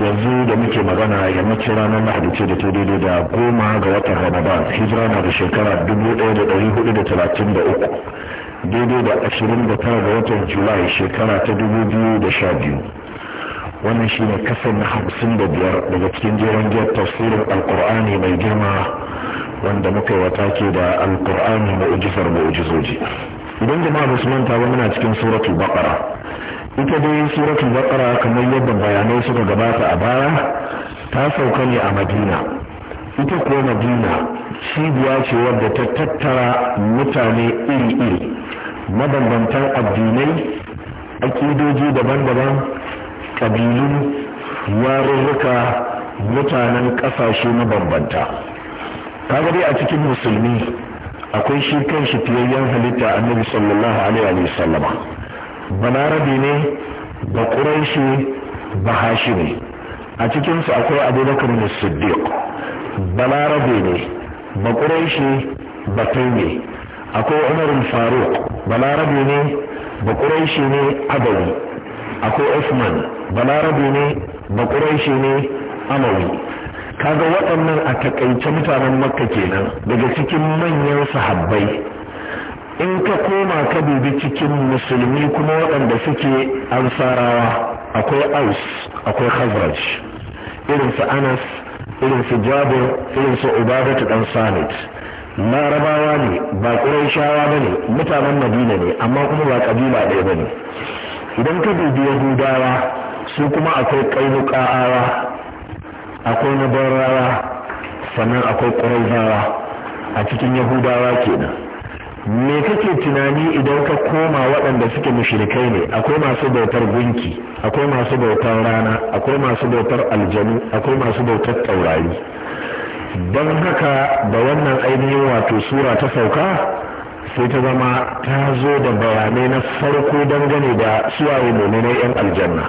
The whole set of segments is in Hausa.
yanzu da muke magana yammacin ranar lahadi ce da ta daidai da goma ga watan ramadan hijira na da shekara dubu ɗaya da ɗari hudu da talatin da uku daidai da ashirin da tara ga watan julai shekara ta dubu biyu da sha biyu wannan shine kasan na hamsin da biyar daga cikin jeren jiyar tafsirin alkur'ani mai girma wanda muka yi wata ke da alkur'ani mu'ujizar ujizoji idan jama'a musulmanta ba muna cikin suratul baqara ita dai suratul baqara kamar yadda bayanai suka gabata a baya ta sauka ne a madina ita kuwa madina cibiya ce wadda ta tattara mutane iri-iri mabambantan addinai akidoji daban-daban ƙabilu yarurruka mutanen ƙasashe mabambanta kaga dai a cikin musulmi akwai shi kan shi fiyayyen halitta annabi sallallahu alaihi wa sallama balarabe ne ba ƙuraishi ba hashimi a cikinsu akwai abubakar da siddiq balarabe ne ba ƙuraishi ba taime akwai umar faruk balarabe ne ba ƙuraishi ne adawi akwai usman balarabe ne ba ƙuraishi ne amawi kaga waɗannan a takaice mutanen makka kenan daga cikin manyan sahabbai in ka koma ka dubi cikin musulmi kuma waɗanda suke ansarawa akwai aus akwai khazraj irin su anas irin su jabir irin su ubadatu dan samit larabawa ne ba ƙurayshawa ba ne mutanen madina ne amma kuma ba ƙabila ɗaya ba ne idan ka dubi yahudawa su kuma akwai ƙainuƙa'awa akwai nabarrawa sannan akwai ƙurayzawa a cikin yahudawa kenan me kake tunani idan ka koma waɗanda suke mushrikai ne akwai masu bautar gunki akwai masu bautar rana akwai masu bautar aljanu akwai masu bautar taurari don haka da wannan ainihin wato sura ta sauka sai ta zama ta zo da bayanai na farko dangane da suwaye na 'yan aljanna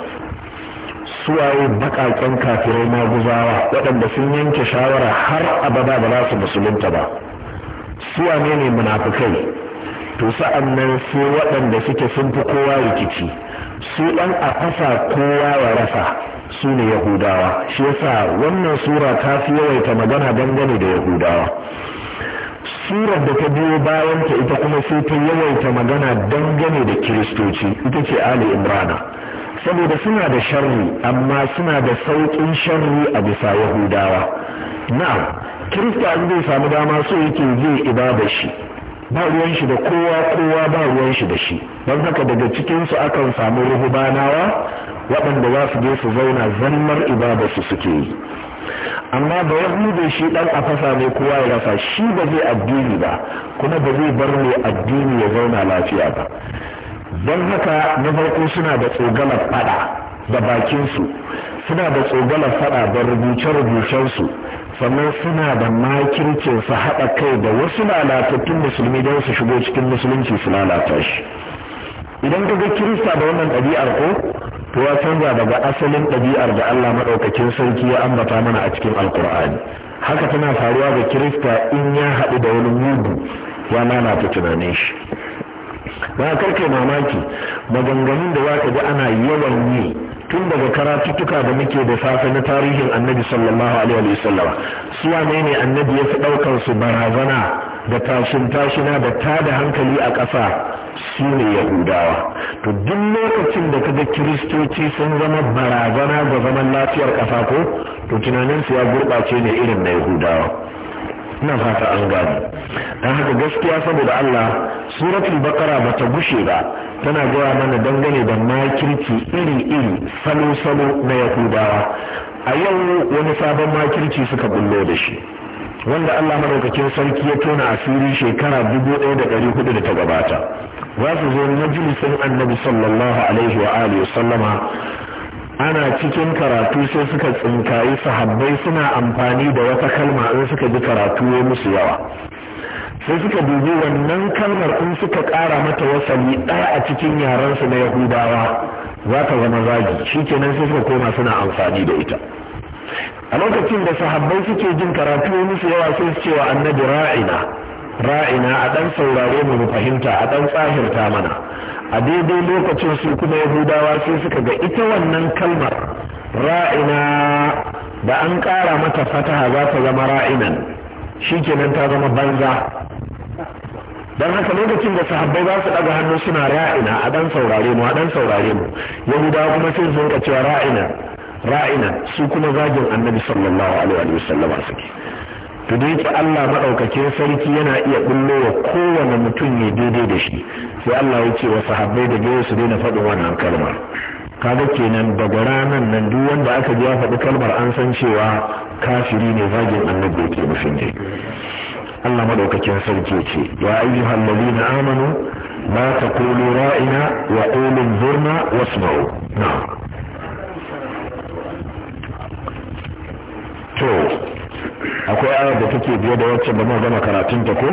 suwaye baƙaƙen kafirai na guzawa waɗanda sun yanke shawara har abada ba za su musulunta ba su ne ne munafukai to sa'an nan sai waɗanda suke sun fi kowa rikici su ɗan a fasa kowa wa rasa su ne yahudawa shi yasa wannan sura ta fi yawaita magana dangane da yahudawa surar da ta biyo bayanta ita kuma sai ta yawaita magana dangane da kiristoci ita ce ali imrana saboda suna da sharri amma suna da sauƙin sharri a bisa yahudawa na'am kirista in zai samu dama so yake zai ibada shi ba ruwan shi da kowa kowa ba ruwan shi da shi don haka daga cikin su akan samu ruhubanawa waɗanda za su je su zauna zalmar ibada su suke yi amma da yahudu shi dan fasa ne kowa ya rasa shi ba zai addini ba kuma ba zai bar mai addini ya zauna lafiya ba don haka na farko suna da tsogalar fada da bakinsu suna da tsogalar fada da rubuce-rubucensu sannan suna da makircin su haɗa kai da wasu lalatattun musulmi don su shigo cikin musulunci su lalata shi idan ka ga kirista da wannan ɗabi'ar ko to ya canza daga asalin ɗabi'ar da Allah maɗaukakin sarki ya ambata mana a cikin alkur'ani haka tana faruwa ga kirista in ya haɗu da wani mudu ya lalata tunanin shi ba karkai mamaki maganganun da za ka ji ana yawan yi tun daga karatuttuka da muke da safe na tarihin annabi sallallahu alaihi wasallama su wane ne annabi ya fi ɗaukar su barazana da tashin tashina da ta da hankali a ƙasa su ne yahudawa to duk lokacin da kaga kiristoci sun zama barazana ga zaman lafiyar ƙasa ko to tunaninsu ya gurɓace ne irin na yahudawa ina fata an gani don haka gaskiya saboda Allah suratul bakara bata gushe ba tana gaya mana dangane da makirci iri-iri salo-salo na yahudawa a yau wani sabon makirci suka bullo da shi wanda Allah madaukakin sarki ya tona asiri shekara dubu ɗaya da ɗari hudu da ta gabata za su zo majalisin annabi sallallahu alaihi wa alihi sallama ana cikin karatu sai suka tsinkayi sahabbai suna amfani da wata kalma in suka ji karatu ya musu yawa sai suka dubi wannan kalmar in suka ƙara mata wasali ɗaya a cikin yarensu na yahudawa za ta zama zagi shi kenan sai suka koma suna amfani da ita a lokacin da sahabbai suke jin karatu ya musu yawa sai su cewa annabi ra'ina ra'ina a ɗan saurare mu fahimta a ɗan tsahirta mana a daidai lokacin su kuma yahudawa sai suka ga ita wannan kalmar ra'ina da an ƙara mata fataha za ta zama ra'inan kenan ta zama banza don haka lokacin da sahabbai za su ɗaga hannu suna ra'ina a ɗan saurare mu a ɗan saurare mu yahudawa kuma sai su rinka cewa ra'ina ra'ina su kuma zagin annabi sallallahu alaihi wa sallama suke to da Allah maɗaukakin sarki yana iya bullo wa kowane mutum ya daidai da shi sai Allah ya ce wa sahabbai da gaisu su daina faɗin wannan kalmar kaga kenan daga ranar nan duk wanda aka ji ya faɗi kalmar an san cewa kafiri ne zagin annabi yake nufin ne Allah maɗaukakin sarki ya ce ya ayyuhal na amanu la taqulu ra'ina wa qulu zurna wasma'u na'am akwai ayar da take biye da wacce ba mu gama karatun ta ko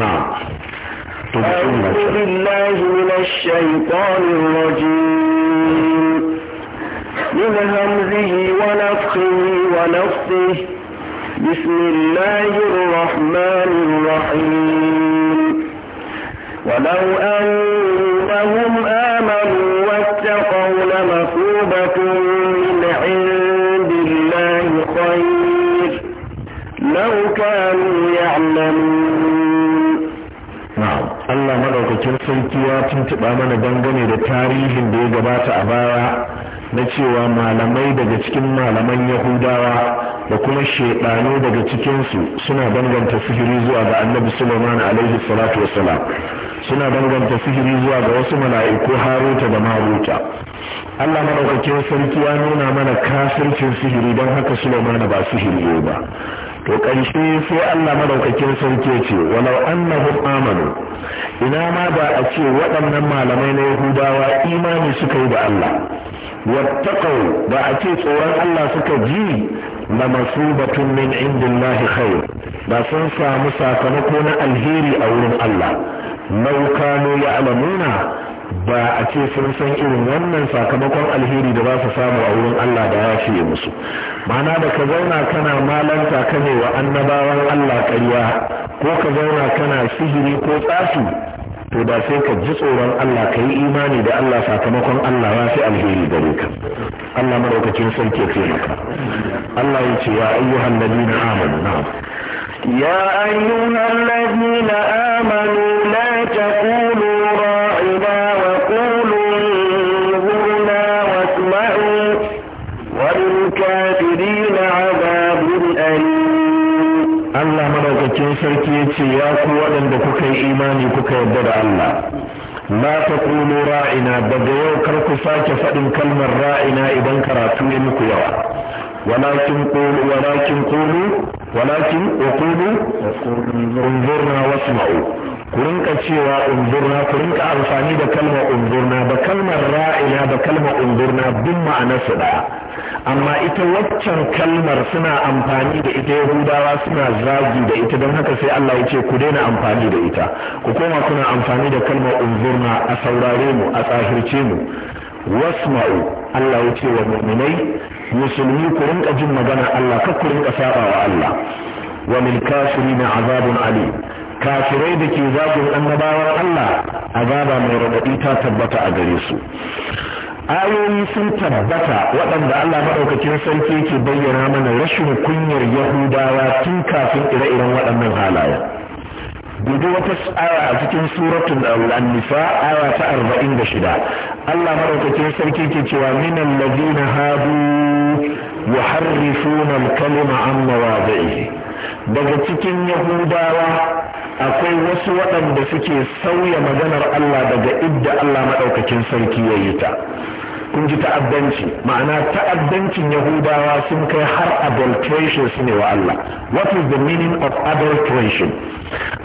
na to billahi minash shaitanir rajim min hamzihi wa nafthihi wa nafthihi bismillahir rahmanir rahim ولو أنهم آمنوا maɗaukakin sarki ya tuntuɓa mana dangane da tarihin da ya gabata a baya na cewa malamai daga cikin malaman yahudawa da kuma shaidano daga cikinsu suna danganta sihiri zuwa ga annabi suleiman alaihi salatu wasalam suna danganta sihiri zuwa ga wasu mala'iku haruta da maruta allah maɗaukakin sarki ya nuna mana kafircin sihiri don haka suleiman ba sihiri ba to ƙarshe sai Allah madaukakin sarki ce walau annahum amanu ina ma ba a ce waɗannan malamai na Yahudawa imani suka yi da Allah wattaqau ba a ce tsoron Allah suka ji la masubatun min indillahi khair ba sun samu sakamako na alheri a wurin Allah law kanu ya'lamuna ba a ce sun san irin wannan sakamakon alheri da ba su samu a wurin Allah da ya fiye musu mana da ka zauna kana malanta ka ne wa annabawan Allah ƙarya ko ka zauna kana sihiri ko tsafi to da sai ka ji tsoron Allah ka yi imani da Allah sakamakon Allah ya fi alheri gare ka Allah madaukakin sarki ya taimaka Allah ya ce ya ayyuhan ladina amanu na ya ayyuhan ladina amanu la taqulu sarki ya ce ya ku waɗanda kuka yi imani kuka yarda da Allah la taqulu ra'ina daga yau kar ku sake faɗin kalmar ra'ina idan karatu ya muku yawa walakin qulu walakin qulu walakin qulu unzurna wasma'u ku rinka cewa unzurna ku rinka amfani da kalmar unzurna da kalmar ra'ina da kalmar unzurna duk ma'anarsu ɗaya amma ita waccan kalmar suna amfani da ita yahudawa suna zagi da ita don haka sai Allah ya ce ku daina amfani da ita ku koma kuna amfani da kalmar unzurna a saurare mu a tsahirce mu wasma'u Allah ya ce wa mu'minai musulmi ku rinka jin magana Allah ka ku rinka saba wa Allah wa lil na azabun alim kafirai da ke zagin annabawan Allah azaba mai raɗaɗi ta tabbata a gare su ayoyi sun tabbata waɗanda Allah maɗaukakin sarki ke bayyana mana rashin kunyar yahudawa tun kafin ire-iren waɗannan halaye. gobe wata aya a cikin suratun al-nisa aya ta arba'in da shida Allah maɗaukakin sarki ke cewa minan ladina hadu yuharrifuna al-kalima an mawadi'ihi daga cikin yahudawa akwai wasu waɗanda suke sauya maganar Allah daga idda Allah maɗaukakin sarki ya yi ta kun ji ta'addanci ma'ana ta'addancin yahudawa sun kai har adulteration su ne wa Allah what is the meaning of adulteration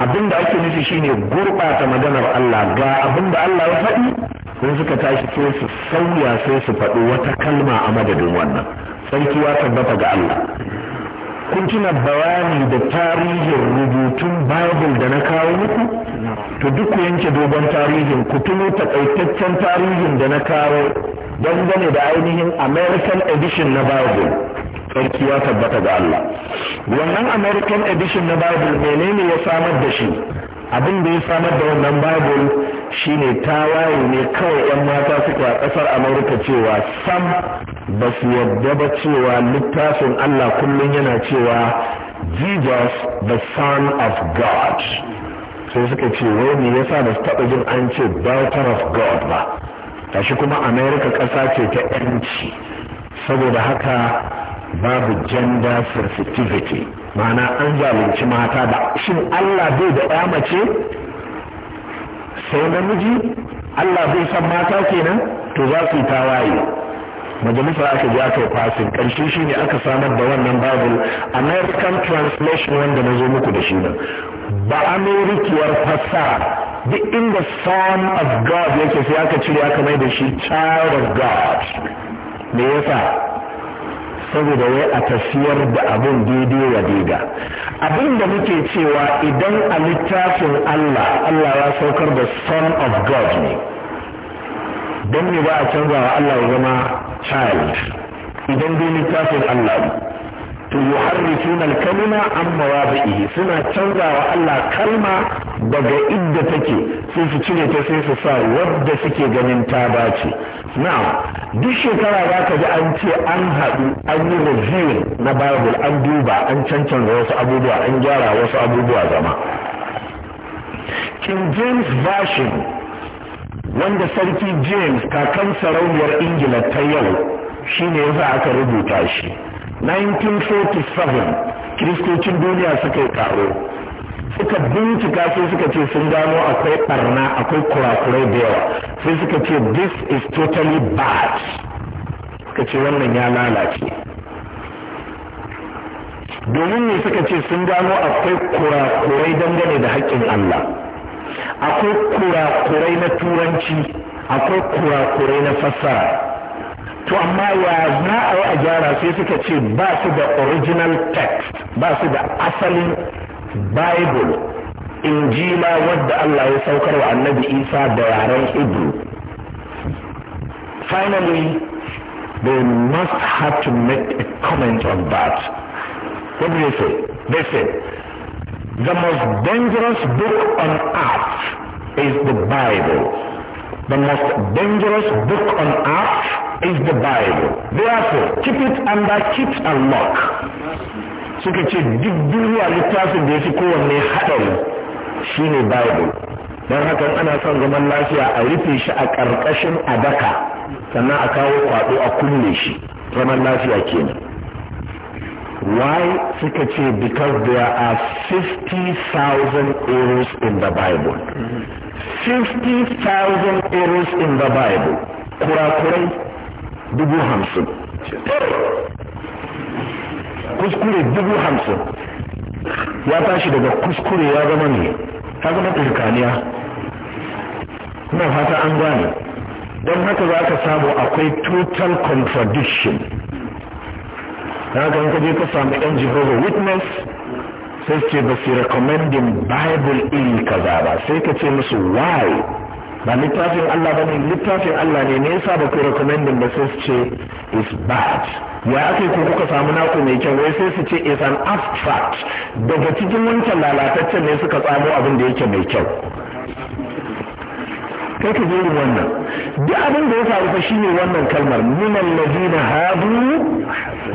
abinda ake nufi shine gurɓata maganar Allah ga abinda Allah ya faɗi sun suka tashi sai su sauya sai su faɗi wata kalma a madadin wannan sarki ya tabbata ga Allah kun tuna bawani da tarihin rubutun babul da na kawo muku to duk ku yanke dogon tarihin ku tuno takaitaccen tarihin da na kawo dangane da ainihin american edition na babul sarki ya tabbata ga Allah wannan american edition na babul menene ya samar da shi abin da ya samar da wannan babul shine tawaye ne kawai 'yan mata suke a kasar amurka cewa sam ba su yadda ba cewa littafin allah kullum yana cewa jesus the son of god sai suka ce wai me yasa ba su taɓa jin an ce daughter of god ba tashi kuma america ƙasa ce ta yanci saboda haka babu gender sensitivity ma'ana an zalunci mata ba shin Allah bai da ya mace sai namiji Allah bai san mata kenan to za su yi tawaye majalisa aka ji aka yi fasin karshe shi ne aka samar da wannan babul american translation wanda na zo muku da shi nan ba amerikiyar fassara duk inda son of god yake sai aka cire aka mai da shi child of god me yasa saboda wai a tafiyar da abin daidai wa daida abin da muke cewa idan a littafin Allah Allah ya saukar da son of God ne don ne ba a canza wa Allah ya zama child idan dai littafin Allah ne to yuharrifuna al-kalima an mawazihi suna canzawa Allah kalma daga inda take su su cire ta sai su sa wadda suke ganin ta baci na'am duk shekara za ka ji an ce an haɗu an yi review na bible an duba an cancanta wasu abubuwa an gyara wasu abubuwa zama Kin james version wanda sarki james kakan sarauniyar ingila ta yau shine yasa aka rubuta shi 1947 kiristocin duniya suka yi taro suka bincika sai suka ce sun gano akwai barna akwai kurakurai da yawa sai suka ce this is totally bad suka ce wannan ya lalace domin ne suka ce sun gano akwai kurakurai dangane da haƙƙin Allah akwai kurakurai na turanci akwai kurakurai na fassara to amma ya za a yi a gyara sai suka ce ba su da original text ba su da asalin bible injila wadda Allah ya saukar wa annabi isa da yaren hebrew finally they must have to make a comment on that what do they say they say the most dangerous book on earth is the bible The most dangerous book on earth is the Bible. Therefore, keep it under keep and lock. Suka ce duk duniya littafin da ya fi kowanne haɗari shine Bible. Don haka ana son zaman lafiya a rufe shi a ƙarƙashin adaka sannan a kawo kwaɗo a kulle shi. Zaman lafiya kenan. Why? Suka ce because there are 50,000 errors in the Bible. 50,000 errors in the Bible kurakurai dubu hamsin kuskure dubu hamsin ya tashi daga kuskure ya zama ne ta zama tsirkaniya Kuma fata an gane don haka za ka samu akwai total contradiction na ka je ka samu yan jehovah witness sai ce ba su recommending bible iri kaza ba sai ka ce musu why ba littafin Allah ba ne littafin Allah ne ne yasa ba ku recommending ba sai su ce is bad ya ake ku kuka samu naku mai kyau wai sai su ce is an abstract daga cikin wancan lalataccen ne suka tsamo abin da yake mai kyau kai ka jerin wannan duk abin da ya faru fa shine wannan kalmar min alladhina hadu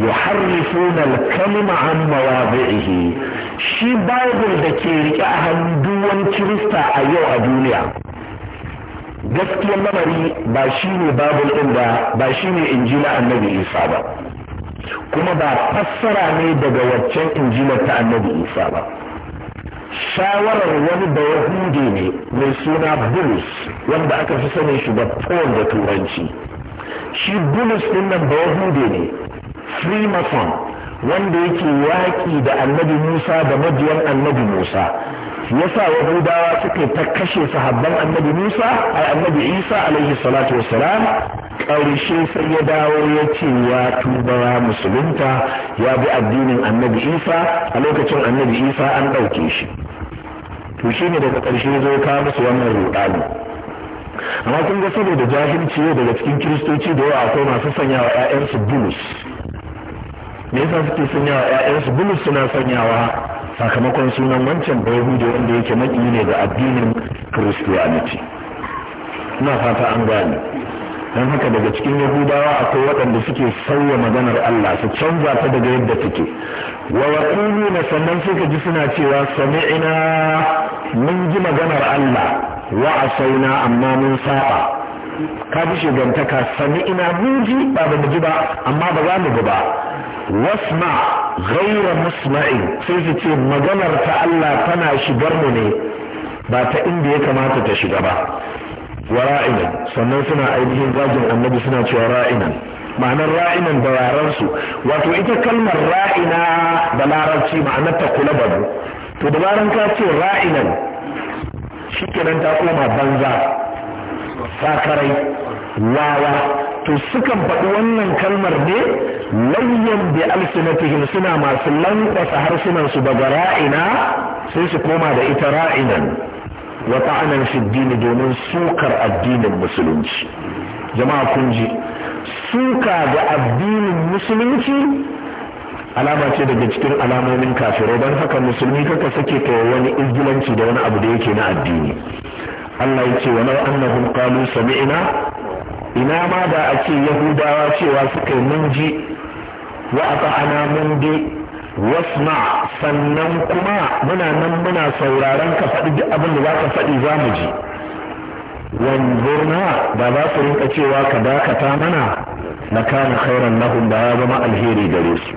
yuharrifuna al-kalima an mawadhi'ihi shi bible da ke rike a hannu duk wani kirista a yau a duniya gaskiyar lamari ba shi ne bible ɗin da ba shi ne injila annabi isa ba kuma ba fassara ne daga waccan injilar ta annabi isa ba shawarar wani da ya hunde ne mai suna bulus wanda aka fi sani shi da paul da turanci shi bulus ɗin nan da ya hunde ne freemason wanda yake yaƙi da annabi musa da majiyan annabi musa yasa yahudawa suka ta kashe sahabban annabi musa a annabi isa alaihi salatu wassalam ƙarshe sai ya dawo ya ce ya tuba ya musulunta ya bi addinin annabi isa a lokacin annabi isa an ɗauke shi to shi ne daga ƙarshe zo ka musu wannan ruɗani amma kun ga saboda jahilci daga cikin kiristoci da yawa akwai masu sanyawa wa 'ya'yansu bulus me yasa suke sanya wa ƴaƴansu bulus suna sanyawa sakamakon sunan wancan da wanda yake maki ne ga addinin kiristiyaniti ina fata an gane don haka daga cikin yahudawa akwai waɗanda suke sauya maganar Allah su canza ta daga yadda take wa yaqulu na sannan suka ji suna cewa sami'ina mun ji maganar Allah wa asaina amma mun saba ka ji shugantaka sami ina muji ba ba mu ji ba amma ba za mu ji ba wasma ghaira musma'in sai su ce maganar ta Allah tana shigar mu ne ba ta inda ya kamata ta shiga ba wa ra'inan sannan suna ainihin zagin annabi suna cewa ra'inan ma'anar ra'inan da yaransu wato ita kalmar ra'ina da larabci ma'anar ta kula ba to da baran ka ce ra'inan shikenan ta koma banza sakarai wawa to sukan faɗi wannan kalmar ne layyan bi alsinatihim suna masu lankwasa harsunansu daga ra'ina sai su koma da ita ra'inan wa ta'anan fi dini domin sukar addinin musulunci jama'a kun ji suka ga addinin musulunci alama ce daga cikin alamomin kafirai don haka musulmi kaka sake ta wani izgilanci da wani abu da yake na addini Allah ya ce walau annahum qalu sami'na ina ma da a ce yahudawa cewa suka mun ji wa ata'ana mun bi wasma sannan kuma muna nan muna sauraron ka faɗi duk abin da za ka faɗi za mu ji wanzurna da za su rinka cewa ka dakata mana na kana khairan lahum da ya zama alheri gare su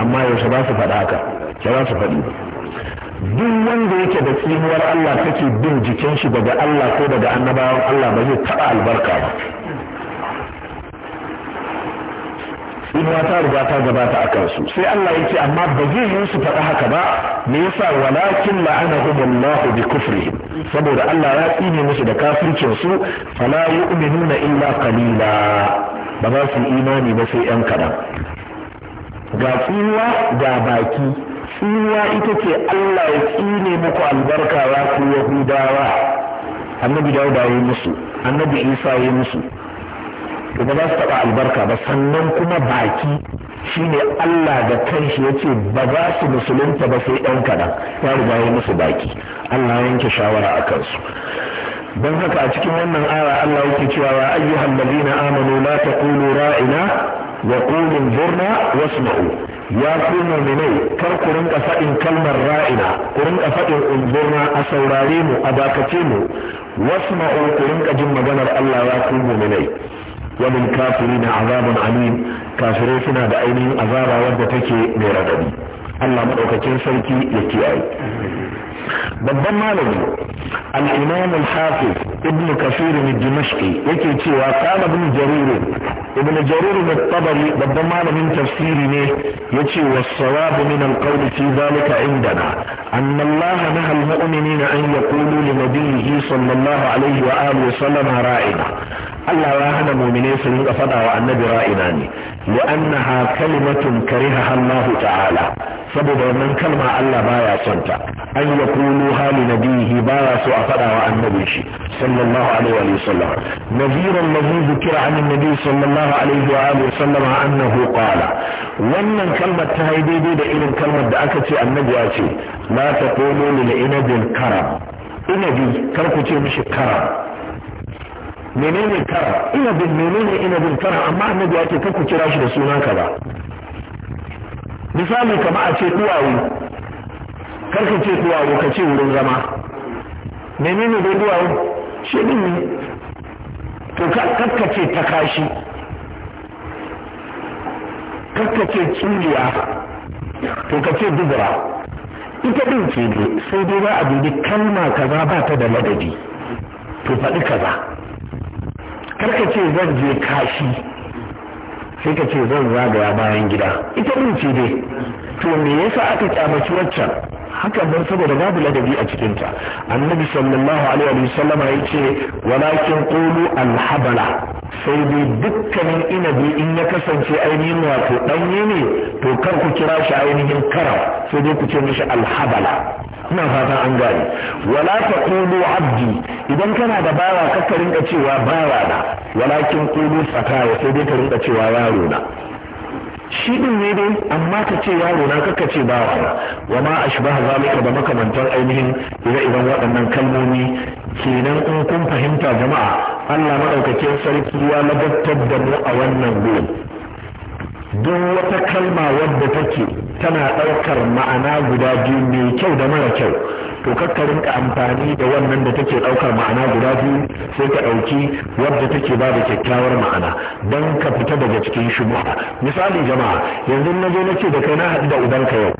amma yaushe ba su faɗa haka za su faɗi ba duk wanda yake da tsinuwar Allah take bin jikin shi daga Allah ko daga annabawan Allah ba zai taɓa albarka ba tsinuwa ta riga ta gabata a kansu sai Allah yake amma ba zai yi su faɗa haka ba me yasa walakin la'anahum Allah bi kufrihim saboda Allah ya tsine musu da kafircin su fala yu'minuna illa qalila ba za su imani ba sai yan kaɗan ga tsinuwa ga baki tsinuwa ita ce Allah ya tsine muku albarka ya ku yahudawa annabi da ya musu annabi isa ya musu to ba za su taɓa albarka ba sannan kuma baki shine Allah da kanshi ya ce ba za su musulunta ba sai ɗan kaɗan ya riga ya musu baki Allah ya yanke shawara a kansu don haka a cikin wannan aya Allah yake cewa wa ayyuhan ladina amanu la taqulu ra'ina wa qulu zurna wasma'u ya ku mu'minai kar ku rinka faɗin kalmar ra'ina ku rinka faɗin unzurna a saurare mu a dakace mu wasma'u ku rinka jin maganar Allah ya ku mu'minai wa min kafirina azabun alim kafirai suna da ainihin azaba wadda take mai radadi Allah madaukakin sarki ya kiyaye babban malami al-imam al-hafiz ibn kafir al-dimashqi yake cewa kana ibn jarir ibn jarir al-tabari babban malamin tafsiri ne yace was-sawab min al-qawl fi dhalika indana anna Allah nahal al-mu'minina an yaqulu li nabiyhi sallallahu alayhi wa alihi wa sallam ra'ina Allah ya hana mu'mine su rinka faɗa wa annabi ra'ina ne li'annaha kalimatun kariha Allah ta'ala saboda wannan kalma Allah baya son ta an yakunu hali nabihi baya so a faɗa wa annabi shi sallallahu alaihi wa sallam naziran ladhi dhukira an annabi sallallahu alaihi wa alihi sallam annahu qala wannan kalmar ta yi daidai da irin kalmar da aka ce annabi ya ce la taqulu lil inabil karam inabi kar ku ce mishi karam menene kara inabin menene inabin kara amma annabi ya ce ku kira shi da suna ba misali kama a ce duwawu kar ka ce duwawu ka ce wurin zama menene dai duwawu shi din ne to kar ka ce ta kashi kar ka ce tsuriya to ka ce dubura ita din ce dai sai dai za a dubi kalma kaza ba ta da ladabi to faɗi kaza kar ka ce zan je kashi sai ka ce zan zagaya bayan gida ita din ce dai to me yasa aka kyamaci waccan haka don saboda babu ladabi a cikinta annabi sallallahu alaihi wa sallama ya walakin qulu alhabala sai dai dukkanin inabi in ya kasance ainihin wato danye ne to kar ku kira shi ainihin kara sai dai ku ce mishi alhabala ina fata an gane wala taqulu abdi idan kana da bawa kakka rinka cewa bawa na walakin kudu sakaya sai dai ka rinka cewa yaro na shi din ne dai amma ka ce yaro na kakka ce bawa na wa ma ashbaha zalika da makamantar ainihin ire-iren waɗannan kalmomi kenan in kun fahimta jama'a Allah madaukakin sarki ya ladattar da mu a wannan gurin duk wata kalma wadda take tana ɗaukar ma'ana guda biyu mai kyau da mara kyau to kakka rinka amfani da wannan da take ɗaukar ma'ana guda biyu sai ka ɗauki wadda take ba da kyakkyawar ma'ana don ka fita daga cikin shubha misali jama'a yanzu na zo nake da kai na haɗu da ubanka yau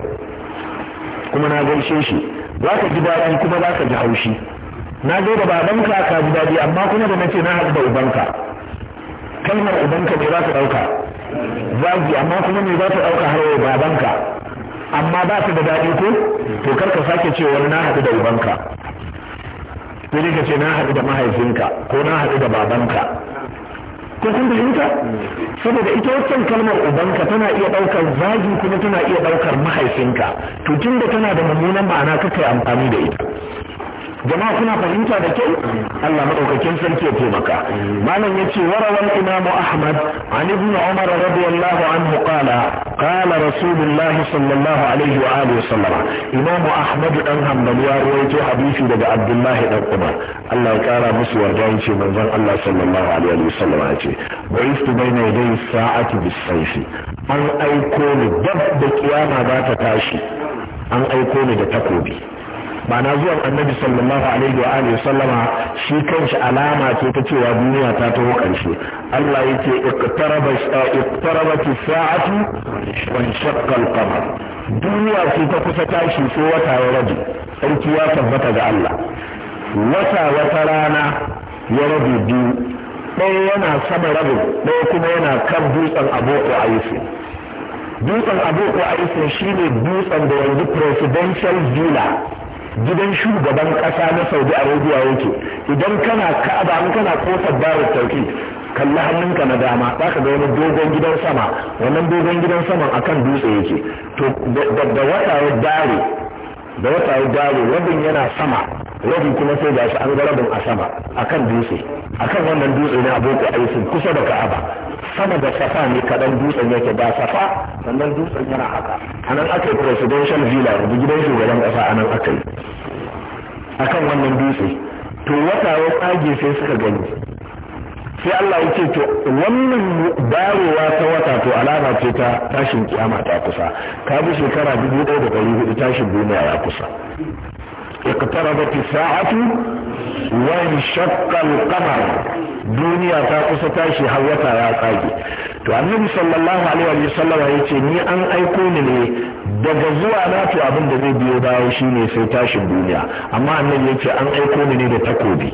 kuma na gaishe shi za ka ji daɗi kuma za ka ji haushi na zo da babanka ka ji daɗi amma kuma da nace na haɗu da ubanka kalmar ubanka ne za ka ɗauka zagi amma kuma me za ta ɗauka har yau babanka amma ba su da daɗi ko to kar ka sake ce wani na haɗu da ubanka sai ka ce na haɗu da mahaifinka ko na haɗu da babanka ko kun fahimta saboda ita wancan kalmar ubanka tana iya ɗaukar zagi kuma tana iya ɗaukar mahaifinka to tunda tana da mummunan ma'ana kake amfani da ita jama'a kuna fahimta da kyau Allah madaukakin sarki ya taimaka malam yace warawal imam ahmad an ibn umar radiyallahu anhu qala qala rasulullah sallallahu alaihi wa alihi wasallam imam ahmad dan hanbali ya rawaito hadisi daga abdullahi dan umar Allah ya kara musu yarda yace manzon Allah sallallahu alaihi wasallam yace ba'istu baina yaday sa'ati bis-sayf an aiko ni dab da kiyama za ta tashi an aiko ni da takobi ma'ana zuwan annabi sallallahu alaihi wa alihi sallama shi kanshi alama ce ta cewa duniya ta taho karshe Allah yake iqtaraba iqtarabati sa'atu wa shaqqa al-qamar duniya ce ta kusa tashi sai wata ya rage sarki ya tabbata ga Allah wata wata rana ya rabe biyu ɗaya yana sama rabin ɗaya kuma yana kan dutsen aboko a dutsen aboko a shine dutsen da yanzu presidential villa gidan shugaban ƙasa na saudi arabia yake idan kana ka'aba in kana kofar barar tauki kalli hannunka na dama za ka ga wani dogon gidan sama wannan dogon gidan sama akan dutse yake to da wata ya dare da wata ya dare rabin yana sama rabin kuma sai ga shi an ga rabin a sama akan dutse akan wannan dutse na abokan aisin kusa da ka'aba sama da safa ne kadan dutsen yake ba safa sannan dutsen yana haka a nan aka yi presidential villa da gidan shugaban kasa a nan aka yi a kan wannan dutse to wata ya tsage sai suka gani sai Allah ya ce to wannan dawowa ta wata to alama ce ta tashin kiyama ta kusa ka bi shekara dubu ɗaya da ɗari hudu tashin duniya ya kusa اقتربت الساعة wan shakkal kamar duniya ta kusa tashi har wata ya tsage to annabi sallallahu alaihi wa ya ce ni an aiko ni ne daga zuwa na to abin da zai biyo dawo shine sai tashin duniya amma annabi ya ce an aiko ni ne da takobi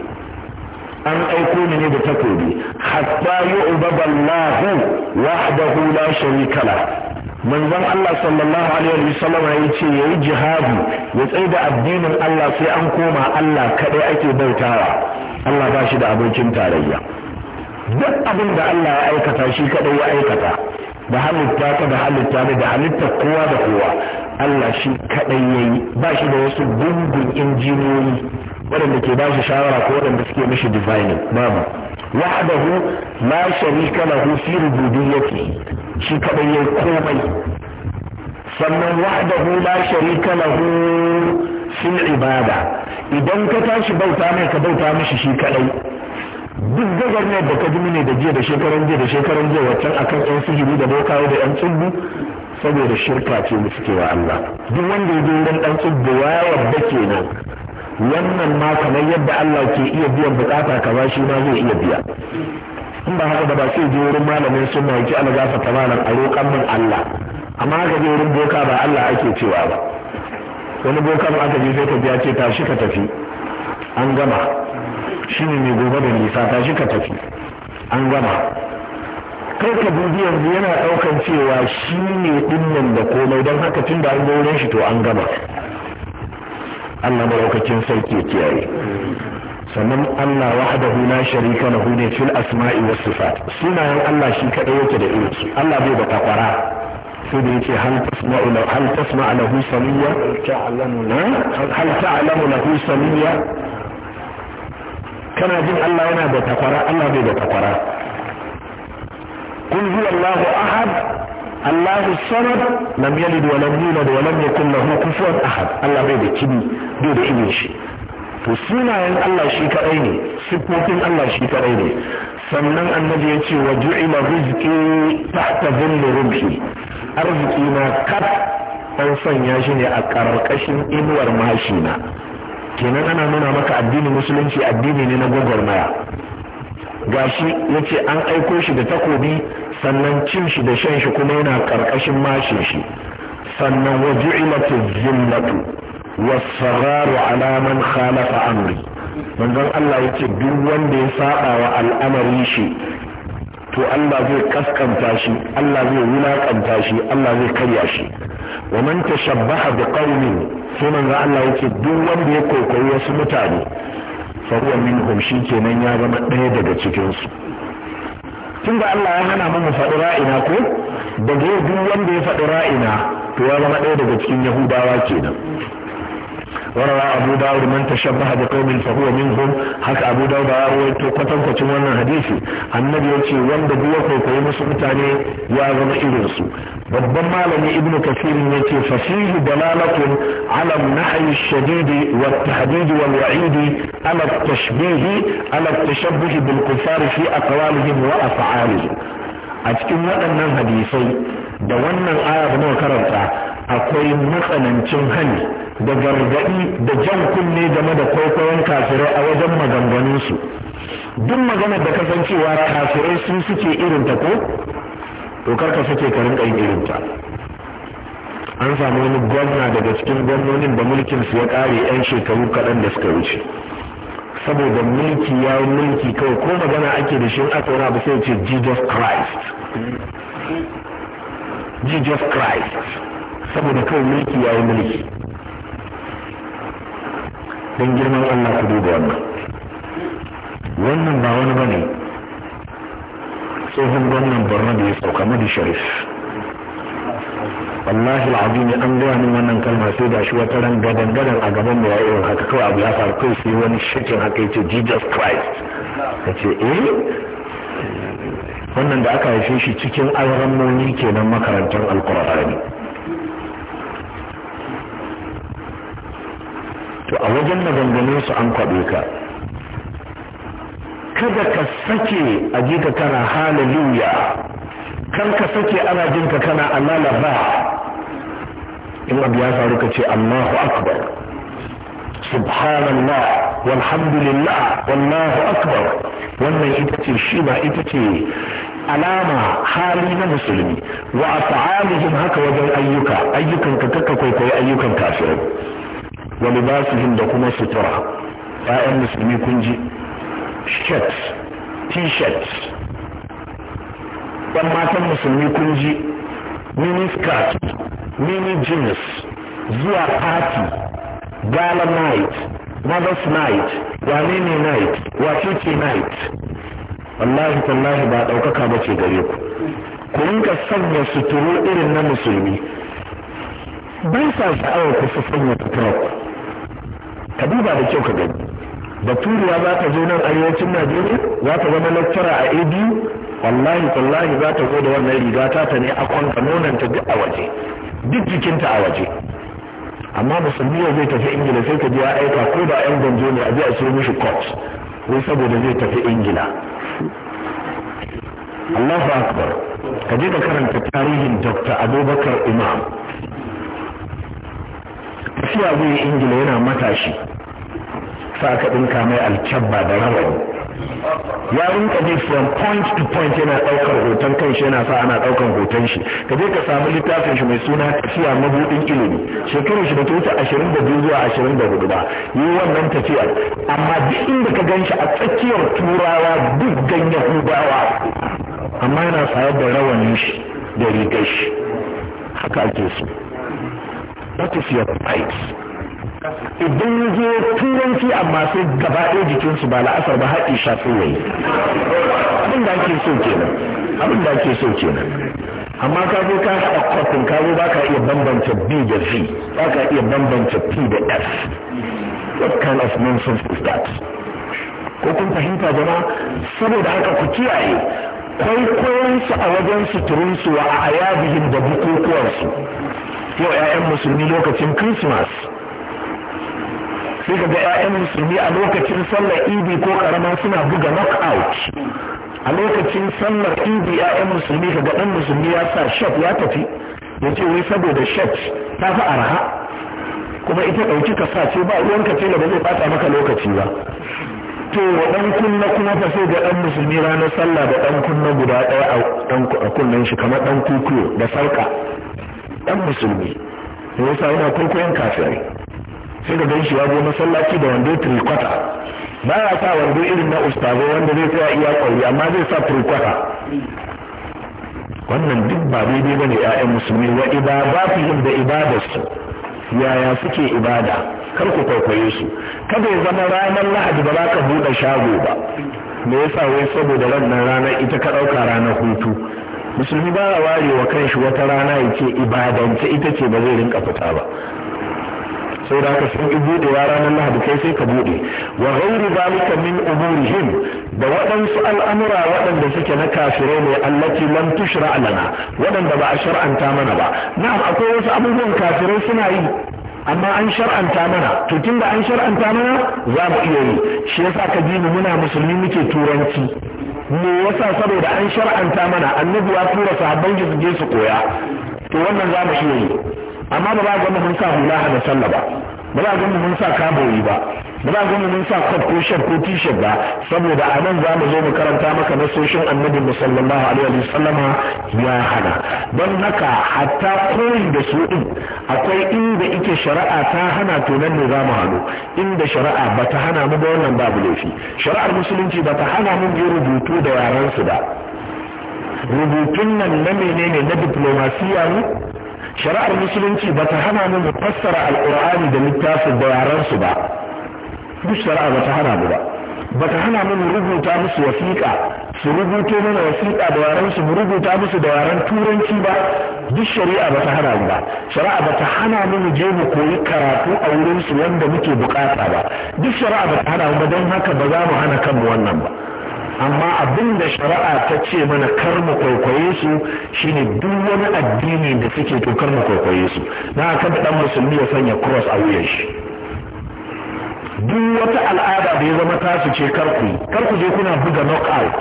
an aiko ni ne da takobi hatta yu'badallahu wahdahu la sharika kala. manzon Allah sallallahu alaihi wa sallam ya ce yayi jihadi ya tsaye da addinin Allah sai an koma Allah kadai ake bautawa Allah ba shi da abincin tarayya duk abin da Allah ya aikata shi kadai ya aikata da halitta ka da halitta ne da halitta kowa da kowa Allah shi kadai yayi ba shi da wasu gungun injiniyoyi waɗanda ke ba shi shawara ko waɗanda suke mishi divining babu wahdahu la sharika lahu fi rububiyyati shi kadai yayi komai sannan wahdahu la sharika lahu fil ibada idan ka tashi bauta mai ka bauta mishi shi kadai duk gagarnar da ka ji ne da jiya da shekaran jiya da shekaran jiya waccan akan yan sihiri da bokaye da yan tsubbu saboda shirka ce da suke wa Allah duk wanda ya je wurin dan tsubbu ya wadda kenan wannan ma kamar yadda Allah ke iya biyan bukata kaza shi ma zai iya biya in ba haka da ba sai je wurin malamin ma yake Allah gafa tamanan a roƙan min Allah amma haka je wurin boka ba Allah ake cewa ba wani bokan aka je sai ka biya ce tashi ka tafi an gama ne mai gobe da nisa tashi ka tafi an gama kai ka dubi yanzu yana ɗaukan cewa shi ne ɗinnan da komai don haka tun da an ga wurin shi to an gama Allah maraukakin sarki ya kiyaye sannan Allah wahdahu la sharika lahu ne fil asma'i was sifat sunayen Allah shi kadai yake da irin su Allah bai da takwara sai da yake hal tasma'u lahu hal tasma'u lahu samiyya hal ta'lamu lahu samiyya kana jin Allah yana da takwara Allah bai da takwara qul huwallahu ahad Allahu samad da wani wa da wani wa lam yakul lahu a ahad Allah bai da kibi bai da irin shi to sunayen Allah shi kadai ne sifofin Allah shi kadai ne sannan annabi ya ce wa ju'ila rizqi tahta dhilli rumhi arziki na kat an sanya shi ne a karkashin inuwar mashina kenan ana nuna maka addinin musulunci addini ne na gwagwarmaya Ga shi ya ce an aiko shi da takobi sannan cin shi da shan shi kuma yana karkashin mashin shi sannan wa ju'ilatu zillatu was-sararu ala man khalafa amri manzon Allah yace duk wanda ya saba wa al'amari shi to Allah zai kaskanta shi Allah zai wulakanta shi Allah zai karya shi wa man tashabbaha bi qaumin sai manzon Allah yace duk wanda ya kokoyi wasu mutane faruwan min homshin kenan ya zama ɗaya daga cikinsu tun da Allah ya hana mu faɗi ra'ina ko daga yau duk wanda ya faɗi ra'ina to ya zama ɗaya daga cikin yahudawa kenan وروى أبو داود من تشبه بقوم فهو منهم حتى أبو داود رويته قتل كتوانا حديثي النبي يقول وان دبوا كوكو مسلمتاني يا غم إلوسو ربما لم ابن كثير يقول ففيه دلالة على النحي الشديد والتحديد والوعيد على التشبيه على التشبه بالكفار في أقوالهم وأفعالهم أتكلم أن الحديثي da wannan ayar akwai matsanancin hani da gargaɗi da jan kunne game da kwaikwayon kafirai a wajen maganganunsu duk maganar da kasancewa kafirai sun suke irinta ko to karka suke karin yin irinta an samu wani gwamna daga cikin gwamnonin da mulkin su ya ƙare 'yan shekaru kaɗan da suka wuce saboda mulki ya yi mulki kawai ko magana ake da shi aka wani abu sai ce jesus jesus christ saboda kawai mulki ya yi mulki don girman Allah ku duba wannan wannan ba wani bane tsohon gwamnan borno da ya sauka madi sharif wallahi al'azim an gaya min wannan kalmar sai da shi wata ran gadan gadan a gaban mu yayin haka kawai abu ya faru kai sai wani shakin haka yace Jesus Christ kace eh wannan da aka haife shi cikin mulki kenan makarantar alqur'ani to a wajen maganganun su an kwaɓe ka kada ka sake a ji ka kana hallelujah kan ka sake ana jin ka kana alala ba in abu ya faru ka ce allahu akbar subhanallah walhamdulillah wallahu akbar wannan ita ce shi ba ita ce alama hali na musulmi wa a haka wajen ayyuka ayyukan ka kakka kwaikwayi ayyukan kafirai wa libasuhum da kuma sutura ƴaƴan musulmi kun ji shirts t-shirts ɗan matan musulmi kun ji mini skirt mini jeans zuwa party gala night mother's night wane ne night wace ce night wallahi tallahi ba ɗaukaka ba ce gare ku ku rinka sanya suturu irin na musulmi ban sa sha'awar ku su sanya sutura ku ka duba da kyau ka gani baturiya za ta zo nan arewacin najeriya za ta zama lecturer a abu wallahi wallahi za ta zo da wannan riga ta ta ne a kwanka ta duk a waje duk jikinta a waje amma musulmi yau zai tafi ingila sai ka biya aika ko da yan gwanzo ne a je a siyo mishi court wai saboda zai tafi ingila Allahu akbar ka je ka karanta tarihin Dr. Abubakar Imam tafiya zai ingila yana matashi sa ka ɗinka mai alkyabba da rawani ya rinka bi from point to point yana daukar hoton kan shi yana sa ana ɗaukar hoton shi ka je ka samu littafin shi mai suna tafiya mabuɗin ilimi shekarun shi da ta wuce ashirin da biyu zuwa ashirin da hudu ba yi wannan tafiyar amma duk inda ka gan shi a tsakiyar turawa duk gan yahudawa amma yana sayar da rawanin shi da rigar shi haka ake so that is your right idan ya zo turanci amma masu gaba ɗaya jikinsu ba la'asar ba haƙi shafi yayi abin da ake so kenan abin da ake so kenan amma ka zo ka haɗa kwafin ka zo ba ka iya bambanta b da v ba ka iya bambanta p da f what kind of nonsense is that ko kun fahimta jama saboda haka ku kiyaye kwaikwayonsu a wajen suturinsu wa a ayabihin da bukukuwansu yau 'ya'yan musulmi lokacin christmas sai ka ga 'ya'yan musulmi a lokacin sallar Ibi ko karama suna buga knockout a lokacin sallar Ibi 'ya'yan musulmi Kaga ga ɗan musulmi ya sa shot ya tafi ya ce wai saboda shot ta fi arha kuma ita ɗauki ka sa ce ba ruwanka ce da ba zai ɓata maka lokaci ba to wa ɗan kunna kuma fa sai ga ɗan musulmi ranar sallah da ɗan kunna guda ɗaya a kunnen shi kamar ɗan kukuyo da sarka. Ɗan musulmi ya yasa yana kwaikwayon kafirai sai da ganshi ya zo masallaci da wando tirikwata ba ya sa wando irin na ustazai wanda zai tsaya iya kwauri amma zai sa tirikwata wannan duk ba daidai bane yayan musulmi wa yin da ibadarsu yaya suke ibada kar ku kwaikwaye su kada ya zama ranar lahadi ba za ka buɗe shago ba me yasa wai saboda wannan ranar ita ka ɗauka ranar hutu musulmi ba ya ware wa kanshi wata rana ya ce ibadance ita ce ba zai rinka fita ba sau da haka sun bude ya ranar lahadi kai sai ka buɗe wa ghairi zalika min umurihim da waɗansu al'amura waɗanda suke na kafirai ne allati lam tushra lana waɗanda ba a shar'anta mana ba na'am akwai wasu abubuwan kafirai suna yi amma an shar'anta mana to tunda an shar'anta mana za mu iya yi shi yasa ka ji mu muna musulmi muke turanci me yasa saboda an shar'anta mana annabi ya tura sahabban su je su koya to wannan za mu shi yi amma ba za ga mun sa hula da sallah ba ba za ga mun sa kaboyi ba ba za ga mun sa kwat ko shar ko t-shirt ba saboda a nan za mu zo mu karanta maka nasoshin annabi musallallahu alaihi wa sallam ya hana don haka hatta koyi da su din akwai inda ike shari'a ta hana to nan ne za mu hano inda shari'a ba ta hana mu ba wannan babu laifi shari'ar musulunci ba ta hana mu yi rubutu da yaran su ba rubutun nan na menene na diplomasiya ne shari'ar musulunci ba ta hana mu fassara alkur'ani da littafin da yaran su ba duk shari'a bata hana mu ba bata hana mu rubuta musu wasiƙa su rubuto mana wasiƙa da yaran su mu rubuta musu da yaran turanci ba duk shari'a bata hana mu ba shari'a bata hana mu mu je mu koyi karatu a wurin su wanda muke bukata ba duk shari'a bata hana mu ba don haka ba za mu hana kanmu wannan ba amma abin da shari'a ta ce mana kar mu kwaikwaye su shine duk wani addini da suke to kar mu kwaikwaye su na kada dan musulmi ya sanya cross a wuyan shi duk wata al'ada da ya zama tasu ce karku karku je kuna buga knockout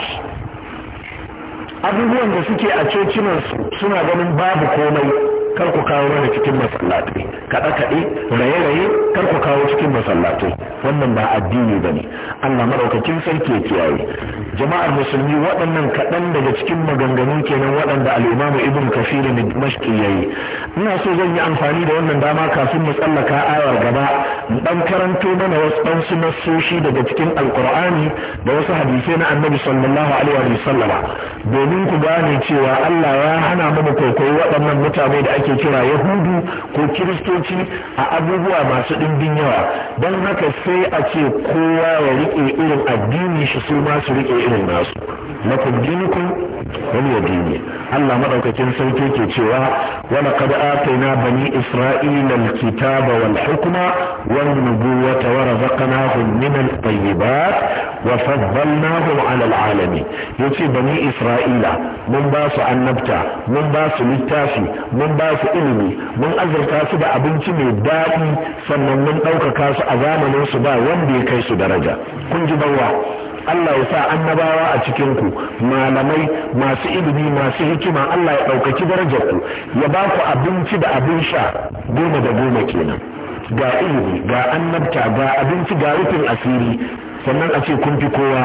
abubuwan da suke a cocinansu suna ganin babu komai kar ku kawo mana cikin masallatai kaɗe kaɗe raye raye kar ku kawo cikin masallatai wannan ba addini ba ne allah maɗaukakin sarki ya kiyaye jama'ar musulmi waɗannan kaɗan daga cikin maganganu kenan waɗanda al'imamu ibn kafir na mashki ya yi ina so zan yi amfani da wannan dama kafin mu tsallaka ayar gaba dan karanto mana wasu ɗan su nasoshi daga cikin alƙur'ani da wasu hadisai na annabi sallallahu alaihi wa sallama domin domin ku gane cewa Allah ya hana mu kwaikwayo waɗannan mutane da ake kira Yahudu ko Kiristoci a abubuwa masu ɗimbin yawa don haka sai a ce kowa ya riƙe irin addini shi su ma su riƙe irin nasu lakum dinukum wani dini Allah madaukakin sarki ke cewa wala qad atayna bani isra'ila alkitaba wal hukma wan nubuwata wa razaqnahum min at-tayyibat wa faddalnahum 'ala al-'alamin yace bani isra'ila Allah mun ba su annabta mun ba su littafi mun ba su ilimi mun azurta su da abinci mai daɗi sannan mun ɗaukaka su a zamanin su ba wanda ya kai su daraja kun ji bawa Allah ya sa annabawa a cikin ku malamai masu ilimi masu hikima Allah ya ɗaukaki darajar ku ya ba ku abinci da abin sha goma da goma kenan ga ilimi ga annabta ga abinci ga rufin asiri sannan a ce kun fi kowa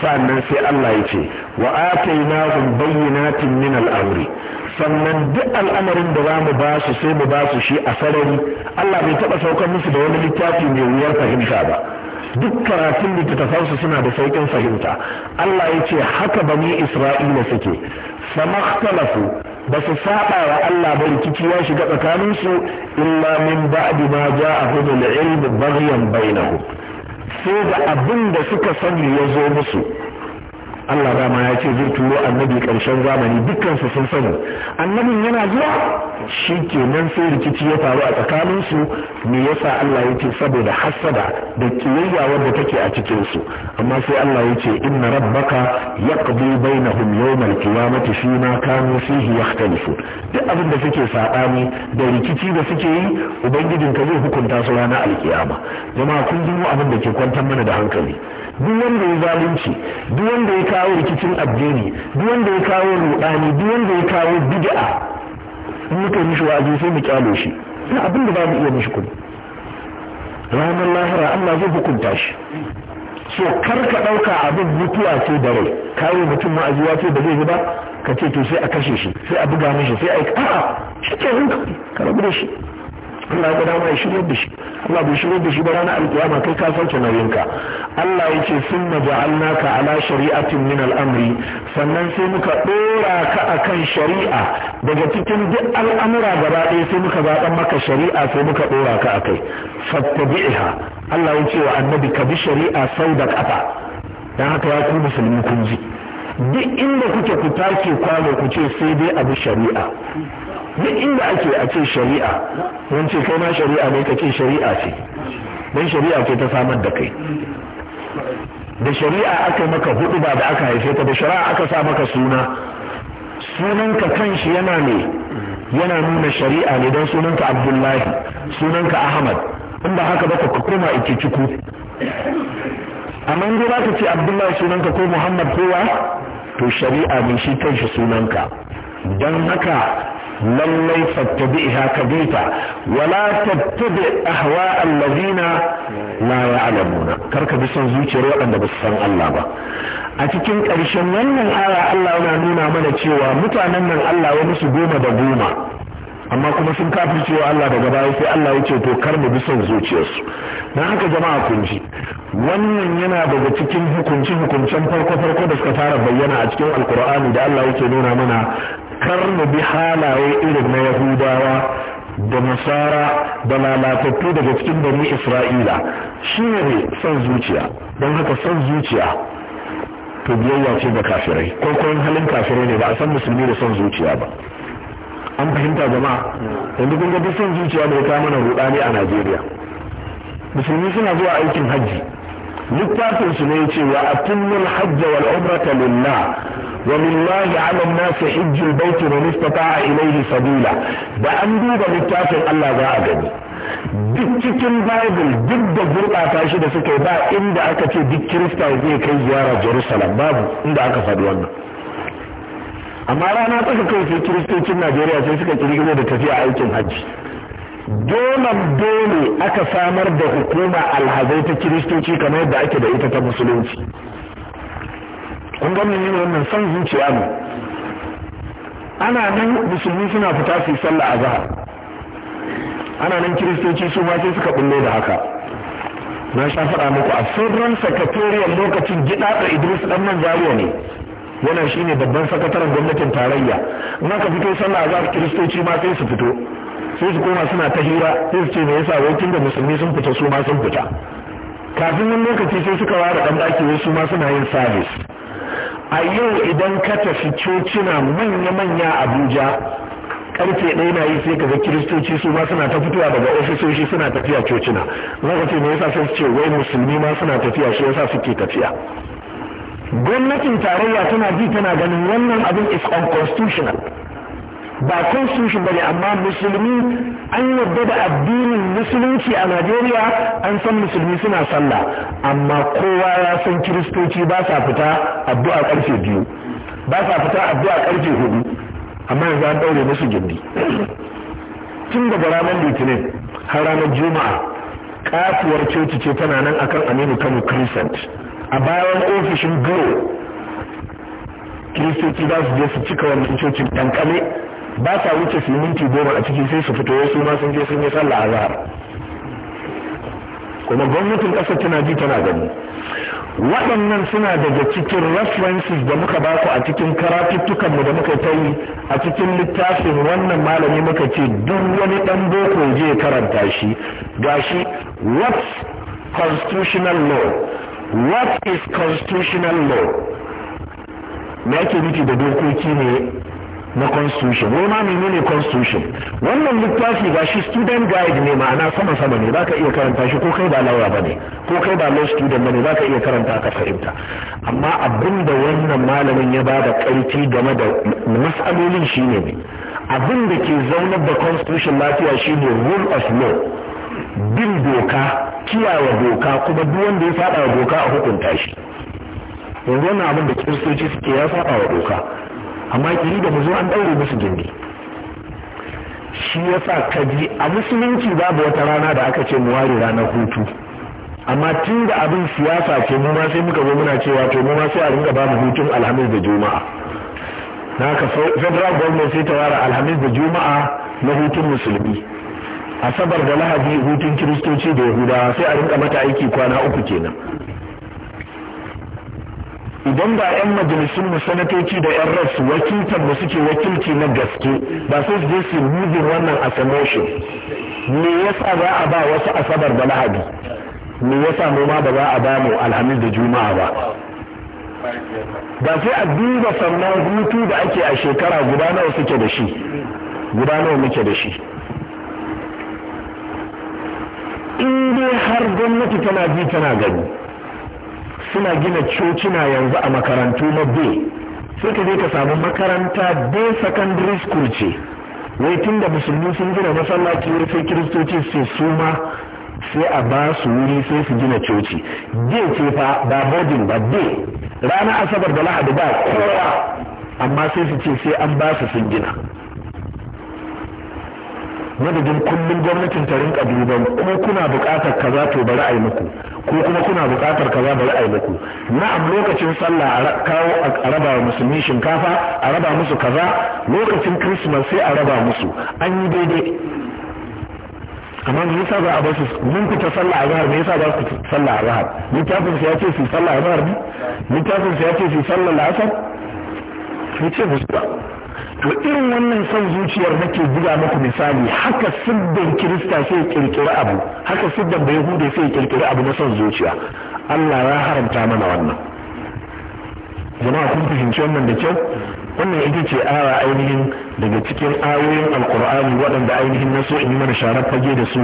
sannan sai Allah ya ce wa atainahum bayyinatin min al sannan duk al'amarin da zamu ba su sai mu ba su shi a sarari Allah bai taɓa saukar musu da wani littafi mai wuyar fahimta ba duk karatun littattafansu suna da saukin fahimta Allah ya ce haka bani Isra'ila suke famakhtalafu ba su saba wa Allah ba rikici ya shiga tsakaninsu illa min ba'di ma ja'ahum al-ilm baghyan bainahum sai da abin da suka sani ya zo musu Allah dama ya ce zai turo annabi ƙarshen zamani dukkansu sun sani annabin yana zuwa shi kenan sai rikici ya faru a tsakaninsu me yasa Allah ya ce saboda hassada da kiyayya wadda take a cikinsu amma sai Allah ya ce inna rabbaka yaqdi bainahum yawmal qiyamati fi ma kanu fihi yahtalifu duk abin da suke saɓani da rikici da suke yi ubangijinka zai hukunta su ranar alkiyama jama'a kun ji abin da ke kwantar mana da hankali duk wanda ya zalunci duk wanda ya kawo rikicin addini duk wanda ya kawo rudani duk wanda ya kawo bid'a in muka mishi wa'azi sai mu kyalo shi ina abin da ba mu iya mishi kudi ranar lahira Allah zai hukunta shi so kar ka ɗauka abin mutuwa ce da rai kawo mutum ma'azuwa ce da zai ba ka ce to sai a kashe shi sai a buga mishi sai a yi a'a shi ke hankali ka rabu da shi Allah ya dama ya shirya da shi Allah bai shirya da shi ba ranar alkiyama kai ka sauke nauyinka Allah ya ce sun ja'alnaka ala shari'atin min al'amri sannan sai muka ɗora ka akan shari'a daga cikin duk al'amura gaba ɗaya sai muka zaɓa maka shari'a sai muka ɗora ka akai fattabi'iha Allah ya ce wa annabi ka bi shari'a sau da ƙafa don haka ya ku musulmi kun ji duk inda kuke ku take kwano ku ce sai dai abu shari'a duk inda ake a ce shari'a wance kai ma shari'a ne ka ce shari'a ce don shari'a ce ta samar da kai da shari'a aka maka hudu ba da aka haife ka da shari'a aka sa maka suna sunanka kanshi yana ne yana nuna shari'a ne don sunanka abdullahi sunanka ahmad in ba haka ba ka koma ike ciku amma in ba ka ce abdullahi sunanka ko muhammad kowa to shari'a ne shi kanshi sunanka don haka lallai fattabi'ha kabita wala tattabi ahwa allazina la ya'lamuna kar ka bi son zuciyar waɗanda ba su san Allah ba a cikin ƙarshen wannan aya Allah yana nuna mana cewa mutanen nan Allah ya su goma da goma amma kuma sun cewa Allah daga baya sai Allah ya ce to kar mu bi son zuciyarsu dan haka jama'a kun ji wannan yana daga cikin hukunci hukuncen farko farko da suka fara bayyana a cikin alkur'ani da Allah yake nuna mana kar mu bi halaye irin na yahudawa da nasara da lalatattu daga cikin bani isra'ila shi ne son zuciya don haka son zuciya to biyayya ce da kafirai ko halin kafirai ne ba a san musulmi da son zuciya ba an fahimta jama'a yanzu kun ga son zuciya da ya kawo mana ne a najeriya musulmi suna zuwa aikin hajji littafin su ne ya ce wa atimul hajja wal umrata lillah ولله على الناس حج البيت من استطاع إليه سبيلا da an duba littafin Allah za a gani duk cikin bible duk da gurɓata shi da suka yi ba inda aka ce duk kirista zai kai ziyara jerusalem babu inda aka faɗi wannan amma rana suka kai sai kiristocin najeriya sai suka kirkiro da tafiya aikin hajji dolan dole aka samar da hukuma alhazai ta kiristoci kamar yadda ake da ita ta musulunci kun ga menene wannan son zuciya ne ana nan musulmi suna fita su sallah a zahar ana nan kiristoci su ma sai suka bulle da haka na sha faɗa muku a sirrin sakatariyar lokacin gida da idris dan nan zariya ne wannan shine babban sakataren gwamnatin tarayya in aka fito sallah azhar kiristoci ma sai su fito sai su koma suna ta hira sai su ce me yasa wai tunda musulmi sun fita su ma sun fita kafin nan lokaci sai suka ware dan daki wai su ma suna yin service a yau idan ka tafi cocina manya-manya abuja karfe ɗaya na yi sai ka ga kiristoci su ma suna ta fitowa daga ofisoshi suna tafiya cocina za ka ce me yasa sai su ce wai musulmi ma suna tafiya shi yasa suke tafiya gwamnatin tarayya tana ji tana ganin wannan abin is unconstitutional ba kai constitution bane amma musulmi an yadda da addinin musulunci a Najeriya an san musulmi suna sallah amma kowa ya san kiristoci ba sa fita addu'a karfe biyu ba sa fita addu'a karfe hudu amma yanzu an daure musu gindi tun daga ranar litinin har ranar juma'a kafuwar coci ce tana nan akan aminu kano crescent a bayan ofishin glow kiristoci za su je su cika wannan cocin dankale ba sa wuce su minti goma a ciki sai su fito wasu ma sun je sun yi sallah azhar kuma gwamnatin ƙasar tana ji tana gani waɗannan suna daga cikin references da muka ba ku a cikin karatuttukan mu da muka ta yi a cikin littafin wannan malami muka ce duk wani ɗan boko je karanta shi gashi what constitutional law what is constitutional law me ake nufi da dokoki ne na constitution wai ma menene constitution wannan littafi ba shi student guide ne ma'ana sama sama ne zaka iya karanta shi ko kai ba ba bane ko kai ba law student bane zaka iya karanta ka fahimta amma abinda wannan malamin ya bada kaiti game da mas'alolin shine ne abin da ke zaunar da constitution lafiya shine rule of law bin doka kiyaye doka kuma duk wanda ya saba doka a hukunta shi yanzu wannan abin da kiristoci suke ya fada doka amma kiri da mu zo an ɗaure musu gindi shi ya sa ji a musulunci babu wata rana da aka ce mu ware ranar hutu amma tun da abin siyasa ce mu ma sai muka zo muna cewa to mu ma sai a ringa ba mu hutun alhamis da juma'a na ka federal government sai ta ware alhamis da juma'a na hutun musulmi asabar da lahadi hutun kiristoci da yahudawa sai a rinka mata aiki kwana uku kenan idan ba 'yan majalisun mu sanatoci da 'yan ras wakiltar da suke wakilci na gaske ba sai su je su wannan asamoshin me sa za a ba wasu asabar da lahadi me ya mu ma ba za a ba mu alhamis da juma'a ba ba sai a duba sannan hutu da ake a shekara guda nawa suke da shi guda nawa muke da shi in dai har gwamnati tana ji tana gani suna gina cocina yanzu a makarantu na bay sai ka je ka samu makaranta bay secondary school ce wai tun da musulmi sun gina masallaci wuri sai kiristoci sai suma ma sai a ba su wuri sai su gina coci bay ce fa ba bodin ba bay ranar asabar da lahadi ba kowa amma sai su ce sai an ba su sun gina madadin kullum gwamnatin tarin rinka duban ko kuna bukatar kaza to bari a yi muku ko kuma kuna buƙatar kaza bari a yi muku na'am lokacin sallah a kawo a raba wa musulmi shinkafa a raba musu kaza lokacin christmas sai a raba musu an yi daidai amma me yasa za a su mun fita sallah a zahar me yasa ba su sallah a zahar littafin sa ya ce su sallah a zahar ne littafin sa ya ce su sallah la'asar ya ce musu ba to irin wannan son zuciyar nake buga muku misali haka siddan kirista sai kirkiri abu haka siddan bai hude sai kirkiri abu na son zuciya Allah ya haramta mana wannan jama'a kun fahimci wannan da kyau wannan ita ce ara ainihin daga cikin ayoyin alkur'ani waɗanda ainihin na so in yi mana sharar fage da su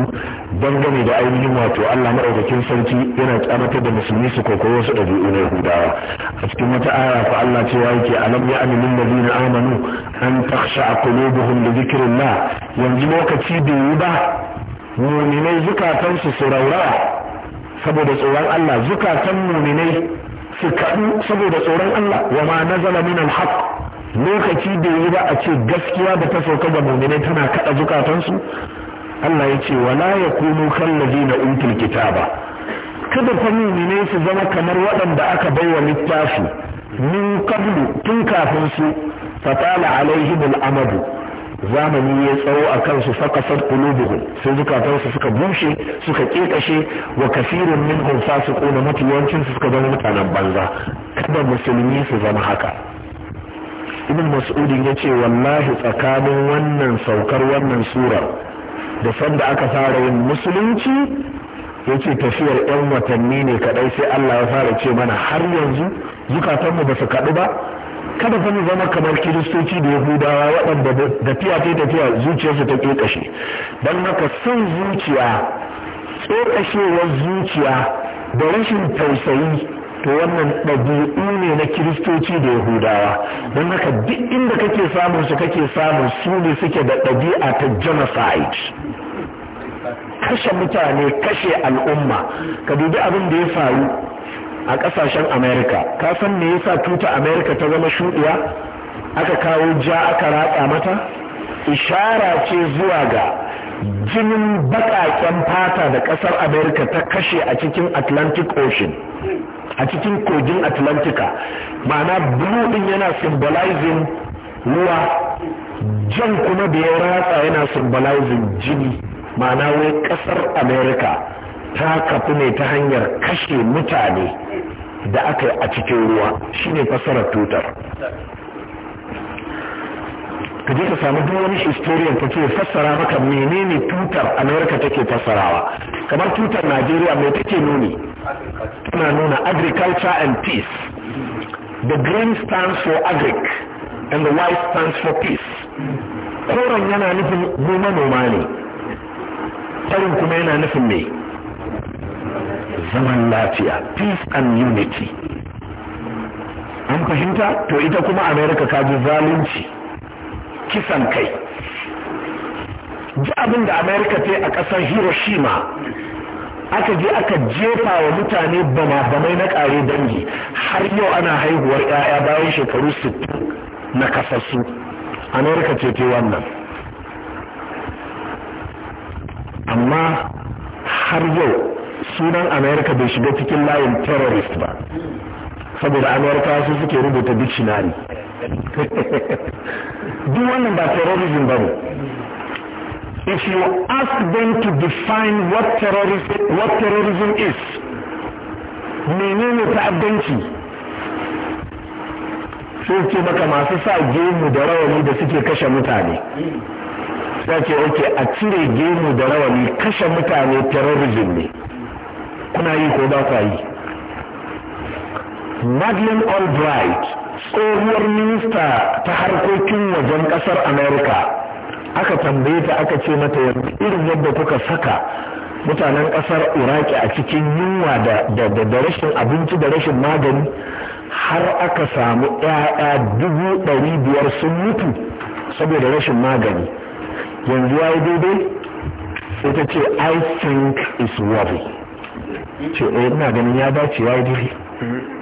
dangane da ainihin wato allah maɗaukakin sarki yana tsamatar da musulmi su kwaikwayo su ɗabi'u na yahudawa a cikin wata ara fa allah cewa yake alam ya amilin zina amanu an taksha qulubuhum li dhikrillah yanzu lokaci bai yi ba muminai zukatansu su raurawa saboda tsoron allah zukatan muminai su kaɗu saboda tsoron allah wa ma nazala min al lokaci da yi ba a ce gaskiya da ta sauka ga mu'minai tana kada zukatansu Allah ya ce wala yakunu kallazina utul kitaba kada fa mu'minai su zama kamar waɗanda aka baiwa littafi min qablu tun kafin su fatala alaihim al'amadu zamani ya tsawo a kansu fakasar qulubuhum sai zukatansu suka bushe suka ƙeƙashe wa kasirun min fasiquna su yawancin su suka zama mutanen banza kada musulmi su zama haka ibn mas'udin ya ce wallahi tsakanin wannan saukar wannan sura da sanda aka fara yin musulunci ya tafiyar 'yan watanni ne kadai sai allah ya fara ce mana har yanzu zukatanmu ba su kaɗu ba kada fa zama kamar kiristoci da yahudawa waɗanda tafiya ta tafiya zuciyarsu ta ƙeƙashe don haka son zuciya tsokashewar zuciya da rashin tausayi to wannan ɗabi'u ne na kiristoci da yahudawa don haka duk inda kake samun su kake samun su ne suke da ɗabi'a ta genocide kashe mutane kashe al'umma ka dubi abin da ya faru a ƙasashen Amerika. ka san me yasa tuta Amerika ta zama shuɗiya aka kawo ja aka ratsa mata ishara ce zuwa ga jinin baƙaƙen fata da ƙasar Amerika ta kashe a cikin atlantic ocean a cikin kogin atlantika ma'ana blue din yana symbolizing ruwa jan kuma da ya ratsa yana symbolizing jini ma'ana wai kasar america ta kafu ne ta hanyar kashe mutane da aka yi a cikin ruwa shine fasarar tutar ka je ka samu duk wani historian ta ce fassara maka menene tutar america take fassarawa kamar tutar najeriya mai take nuni tana nuna agriculture and peace the green stands for agric and the white stands for peace koren yana nufin noma noma ne farin kuma yana nufin ne zaman lafiya peace and unity an fahimta to ita kuma america ka ji zalunci kisan kai ji abin da america ta a ƙasar hiroshima aka je aka jefa wa mutane bama-bamai na ƙare dangi har yau ana haihuwar 'ya'ya bayan shekaru 60 na kasassu amerika ce ce wannan amma har yau sunan amerika bai shiga cikin layin terrorist ba saboda amerika su suke rubuta dictionary duk wannan ba terrorism ba ne if you ask them to define what terrorism, what terrorism is menene ta'addanci sai ce maka masu sa gemu da rawani da suke kashe mutane sai ce oke a cire gemu da rawani kashe mutane terrorism ne kuna yi ko ba yi Madeleine Albright tsohuwar minista ta harkokin wajen kasar America aka tambaye ta aka ce mata yanzu irin yadda kuka saka mutanen ƙasar iraki a cikin yunwa da rashin abinci da rashin magani har aka samu 'ya'ya dubu dari biyar sun mutu saboda rashin magani yanzu ya yi daidai ita ce i think is worthy ce eh, ina ganin ya dace ya yi daidai mm-hmm.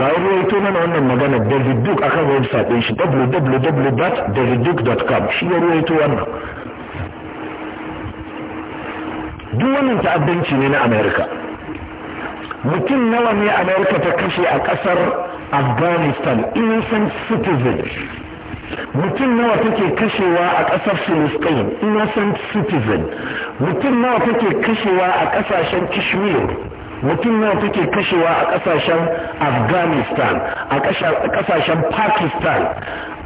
waye ruwaito mana wannan magana david duke akan website din shi www.davidduke.com shi ya ruwaito wannan duk wannan ta'addanci ne na america mutum nawa ne america ta kashe a kasar afghanistan innocent citizen. mutum nawa take kashewa a kasar philistine innocent citizen mutum nawa take kashewa a kasashen kashmir mutum nawa take kashewa a kasashen afghanistan a kasashen pakistan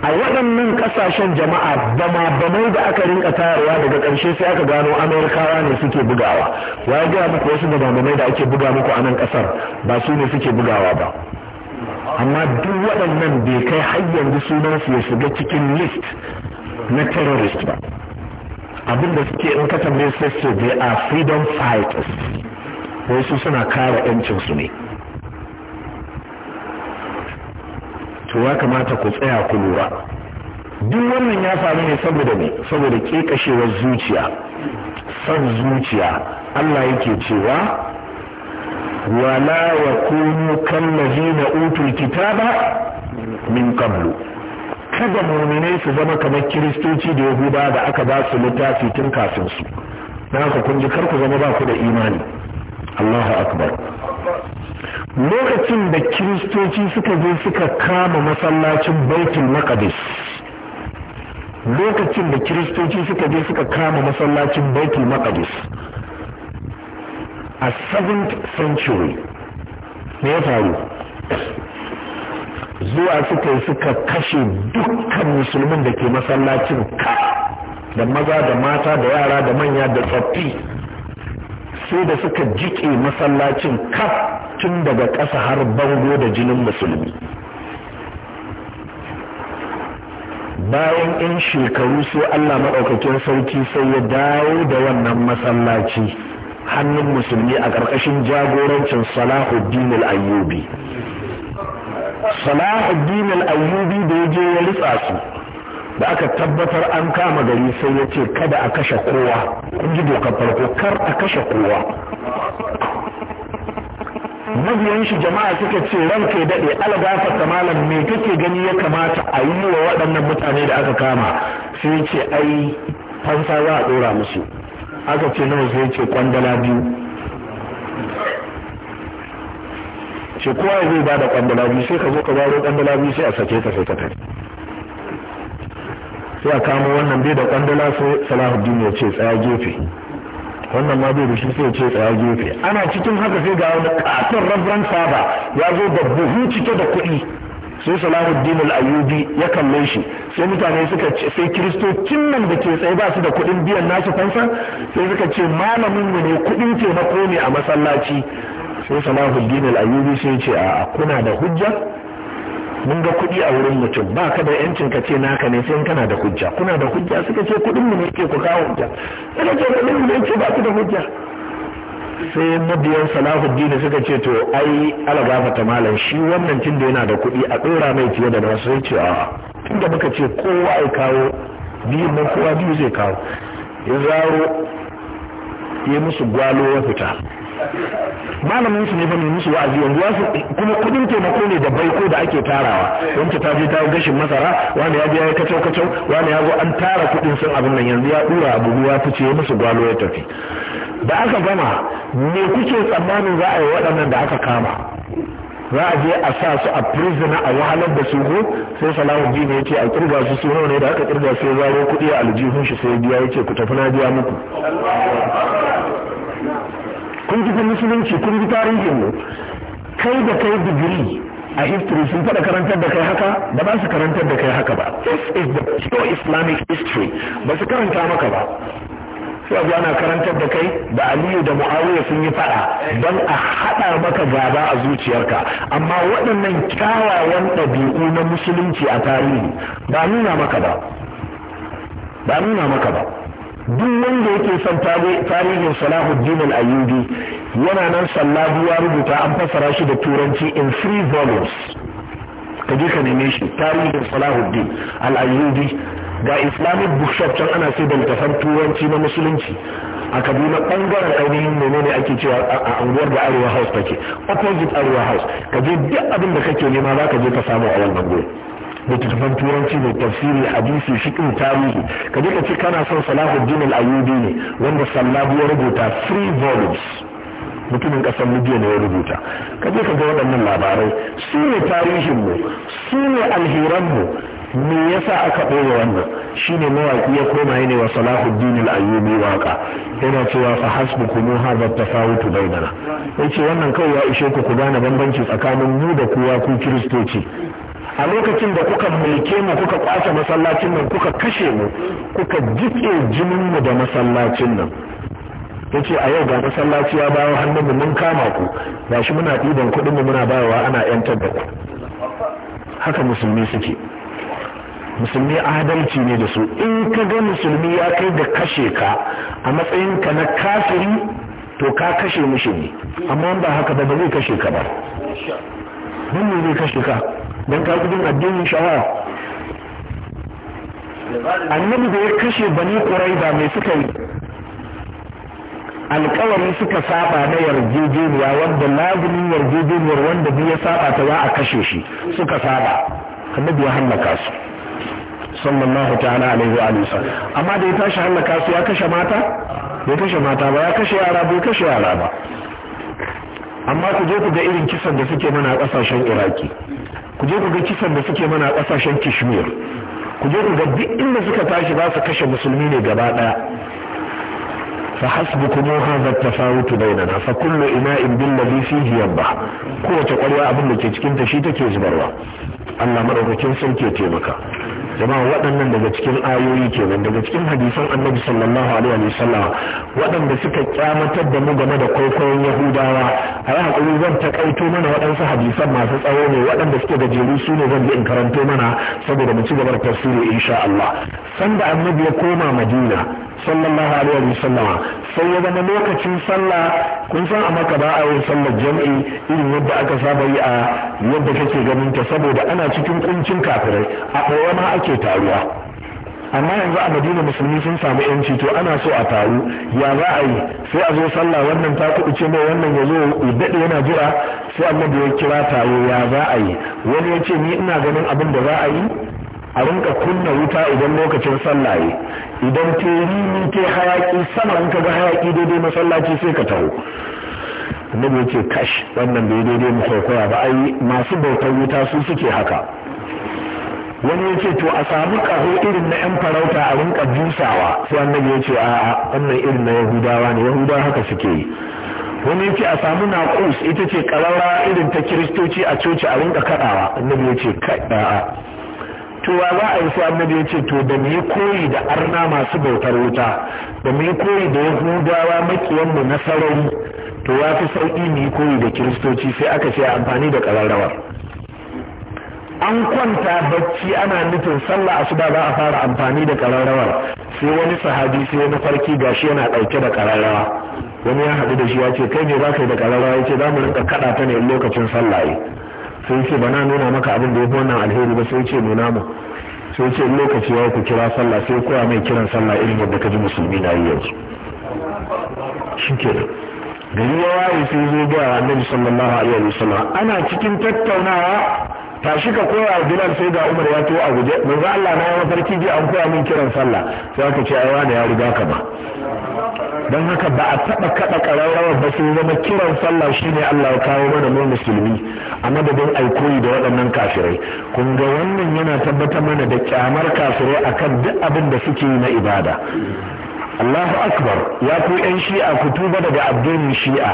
a waɗannan kasashen jama'a bama bamai da aka rinka tayarwa daga ƙarshe sai aka gano amerikawa ne suke bugawa ya gaya muku wasu da bamai da ake buga muku a nan ƙasar ba su ne suke bugawa ba amma duk waɗannan bai kai har yanzu sunansu ya shiga cikin list na terrorist ba abin da suke in ka tambaye sai su they are freedom fighters wai su suna kare yancinsu ne to ya kamata ku tsaya ku lura duk wannan ya faru ne saboda ne saboda ƙeƙashewar zuciya son zuciya Allah yake cewa wala yakunu na utul kitaba min qablu kada muminai su zama kamar kiristoci da yahuda da aka ba su littafi tun kafin su na haka kun ji kar ku zama ba ku da imani Allahu akbar lokacin da kiristoci suka zo suka kama masallacin baitul maqdis lokacin da kiristoci suka je suka kama masallacin baitul maqdis a 7th century ne ya faru zuwa suka suka kashe dukkan musulmin da ke masallacin ka da maza da mata da yara da manya da tsaffi sai da suka jike masallacin kaf tun daga ƙasa har bango da jinin musulmi bayan in shekaru sai allah maɗaukakin sauki sai ya dawo da wannan masallaci hannun musulmi a ƙarƙashin jagorancin salahuddin ayyubi salahuddin Ayyubi da ya je ya litsa su da aka tabbatar an kama gari sai ya ce kada a kashe kowa kun ji dokar farko kar a kashe kowa mabiyan shi jama'a suka ce ranka ya daɗe algafarta malam me kake gani ya kamata a yi wa waɗannan mutane da aka kama sai ya ce ai fansa za a ɗora musu aka ce nawa sai ya ce kwandala biyu ce kowa zai bada da kwandala biyu sai ka zo ka zaro kwandala biyu sai a sake ka sai ka tafi sai a kama wannan bai da kwandala sai salahuddin ya ce tsaya gefe wannan ma bai da shi sai ya ce tsaya gefe ana cikin haka sai ga wani katon rabran saba ya zo da buhu cike da kuɗi sai salahuddin al-ayyubi ya kalle shi sai mutane suka ce sai kiristocin nan da ke tsaye basu da kuɗin biyan nasu fansa sai suka ce malamin mu ne kuɗin taimako ne a masallaci sai salahuddin al-ayyubi sai ce a kuna da hujja mun ga kuɗi a wurin mutum ba ka da yancin ka ce naka ne sai kana da hujja kuna da hujja suka ce kuɗin mu ne ke ku kawo hujja suka ce kuɗin mu ne ke ba ku da hujja sai mabiyan salahuddin suka ce to ai alagafa ta malam shi wannan tun da yana da kuɗi a ɗora mai fiye da nasu sai ce a tun da muka ce kowa ya kawo biyu mun kowa biyu zai kawo ya zaro ya musu gwalo ya fita malamin musu ne ba mai musu wa'azi yanzu wasu kuma kudin taimako ne da bai ko da ake tarawa wancan ta je ta yi gashin masara wani ya je ya kacau kacau wani ya zo an tara kudin sun abin nan yanzu ya dura abu ya fice musu gwalo ya tafi da aka gama me kuke tsammanin za a yi waɗannan da aka kama za a je a sa su a prisoner a wahalar da su ko sai salahuddin ya ce a kirga su su ne da aka kirga ya zaro kuɗi a aljihun shi sai biya ya ce ku tafi na biya muku kun ji musulunci kun ji tarihin mu kai da kai digiri a history sun faɗa karantar da kai haka ba ba su karantar da kai haka ba this is the pure islamic history ba su karanta maka ba sai abu ana karantar da kai da aliyu da muawiya sun yi fada don a hada maka gaba a zuciyarka amma waɗannan kyawawan ɗabi'u na musulunci a tarihi ba nuna maka ba ba nuna maka ba duk wanda yake son tarihin Salahuddin al-Ayyubi yana nan sallabu ya rubuta an fassara shi da turanci in three volumes kaje je ka neme shi tarihin Salahuddin al-Ayyubi ga Islamic bookshop can ana sai da littafan turanci na musulunci a Kaduna bangaren ainihin menene ake cewa a unguwar da Arewa House take opposite Arewa House kaje je duk abin da kake nema za ka je ka samu a wannan gurin littattafan turanci mai tafsiri hadisi fiqh tarihi ka je ka ce kana son salahuddin al-ayyubi ne wanda sallahu ya rubuta three volumes mutumin kasar libya ne ya rubuta ka je ka ga waɗannan labarai su ne tarihin mu su ne mu me yasa aka ɓoye wannan shine mawaƙi ya koma ne wa salahuddin al-ayyubi waka yana cewa fa hasbukum hadha at-tafawut bainana yace wannan kawai ya ishe ku ku gane bambanci tsakanin mu da kowa ku kiristoci a lokacin da kuka mulke mu kuka kwace masallacin nan kuka kashe mu kuka jike jinin mu da masallacin nan yace a yau ga masallaci ya bawo hannun mu mun kama ku gashi muna ɗiban kuɗin mu muna bawa ana yantar da ku haka musulmi suke musulmi adalci ne da su in ka ga musulmi ya kai da kashe ka a matsayin ka na kafiri to ka kashe mushi ne amma ba haka ba zai kashe ka ba mun ne zai kashe ka don ka gudun addinin shawa annabi da ya kashe bani ƙuraiba mai suka yi alkawari suka saba na yarjejeniya wanda lagunin yarjejeniyar wanda biya saba ta za a kashe shi suka saba annabi ya hannaka su sallallahu ta'ala alaihi wa alisa amma da ya tashi hannaka su ya kashe mata bai kashe mata ba ya kashe yara bai kashe yara ba amma ku je ku ga irin kisan da suke mana a kasashen iraki ku je ku ga kisan da suke mana kasashen kishmir ku je ku ga duk inda suka tashi ba su kashe musulmi ne gaba daya fa hasbukum hadha at-tafawut bainana fa kullu ina'in billadhi fihi yanbah kowace kwarya abin da ke cikin ta shi take zubarwa Allah madaukakin sarki ya taimaka jama'a waɗannan daga cikin ayoyi kenan daga cikin hadisan annabi sallallahu alaihi wa sallam waɗanda suka kyamatar da mu game da kwaikwayon yahudawa a yi haƙuri zan takaito mana waɗansu hadisan masu tsawo ne waɗanda suke gajeru su ne zan yi in karanto mana saboda mu ci gaba da tafsiri insha Allah sanda annabi ya koma Madina sallallahu alaihi wa sallama sai ya zama lokacin sallah kun san a maka ba a yin sallar jam'i irin yadda aka saba yi a yadda kake ganin ta saboda ana cikin kuncin kafirai a ɓoye ma ake ake taruwa amma yanzu a madina musulmi sun samu yanci to ana so a taru ya za a yi sai a zo sallah wannan ta kuɗi ce mai wannan ya zo ya daɗe yana jira sai annabi ya kira taro ya za a yi wani ya ce ni ina ganin abin da za a yi a rinka kunna wuta idan lokacin sallah yi idan ta yi ke hayaki sama in ka ga hayaki daidai masallaci sai ka taho annabi ya ce kash wannan bai daidai mu koya ba ai masu bautar wuta su suke haka wani ya ce to a samu ƙaho irin na 'yan farauta a rinka jusawa. sai annabi ya ce a wannan irin na yahudawa ne yahudawa haka suke yi wani ya ce a samu ƙus ita ce ƙararra irin ta kiristoci a coci a rinka kaɗawa annabi ya ce a'a to wa za a yi sai annabi ya ce to da mu koyi da arna masu bautar wuta da mu koyi da yahudawa mu na sarari to ya fi sauƙi mu yi koyi da kiristoci sai aka ce amfani da ƙararrawar an kwanta bacci ana nufin sallah asuba za a fara amfani da kararrawar sai wani sahabi sai wani farki gashi yana dauke da kararrawa wani ya haɗu da shi ya ce kai ne za ka yi da kararrawa ya ce za mu rinka kaɗa ta ne lokacin sallah sai ce bana nuna maka abin da ya fi wannan alheri ba sai ce nuna mu sai ce lokaci ya ku kira sallah sai kowa mai kiran sallah irin yadda ka ji musulmi na yi yanzu shi ke gari ya waye sai zo ga annabi sallallahu alaihi wasallam ana cikin tattaunawa tashi ka koya wa bilal sai ga umar ya tuwa a guje manzo Allah na yi mafarki ji an koya min kiran sallah sai aka ce ai da ya riga ka ba Don haka ba a taba kaɗa ƙararrawa ba sai zama kiran sallah shi ne Allah ya kawo mana mu musulmi a madadin ai da waɗannan kafirai kun ga wannan yana tabbatar mana da kyamar kafirai akan duk abin da suke yi na ibada Allahu akbar ya ku yan shi'a ku tuba daga addinin shi'a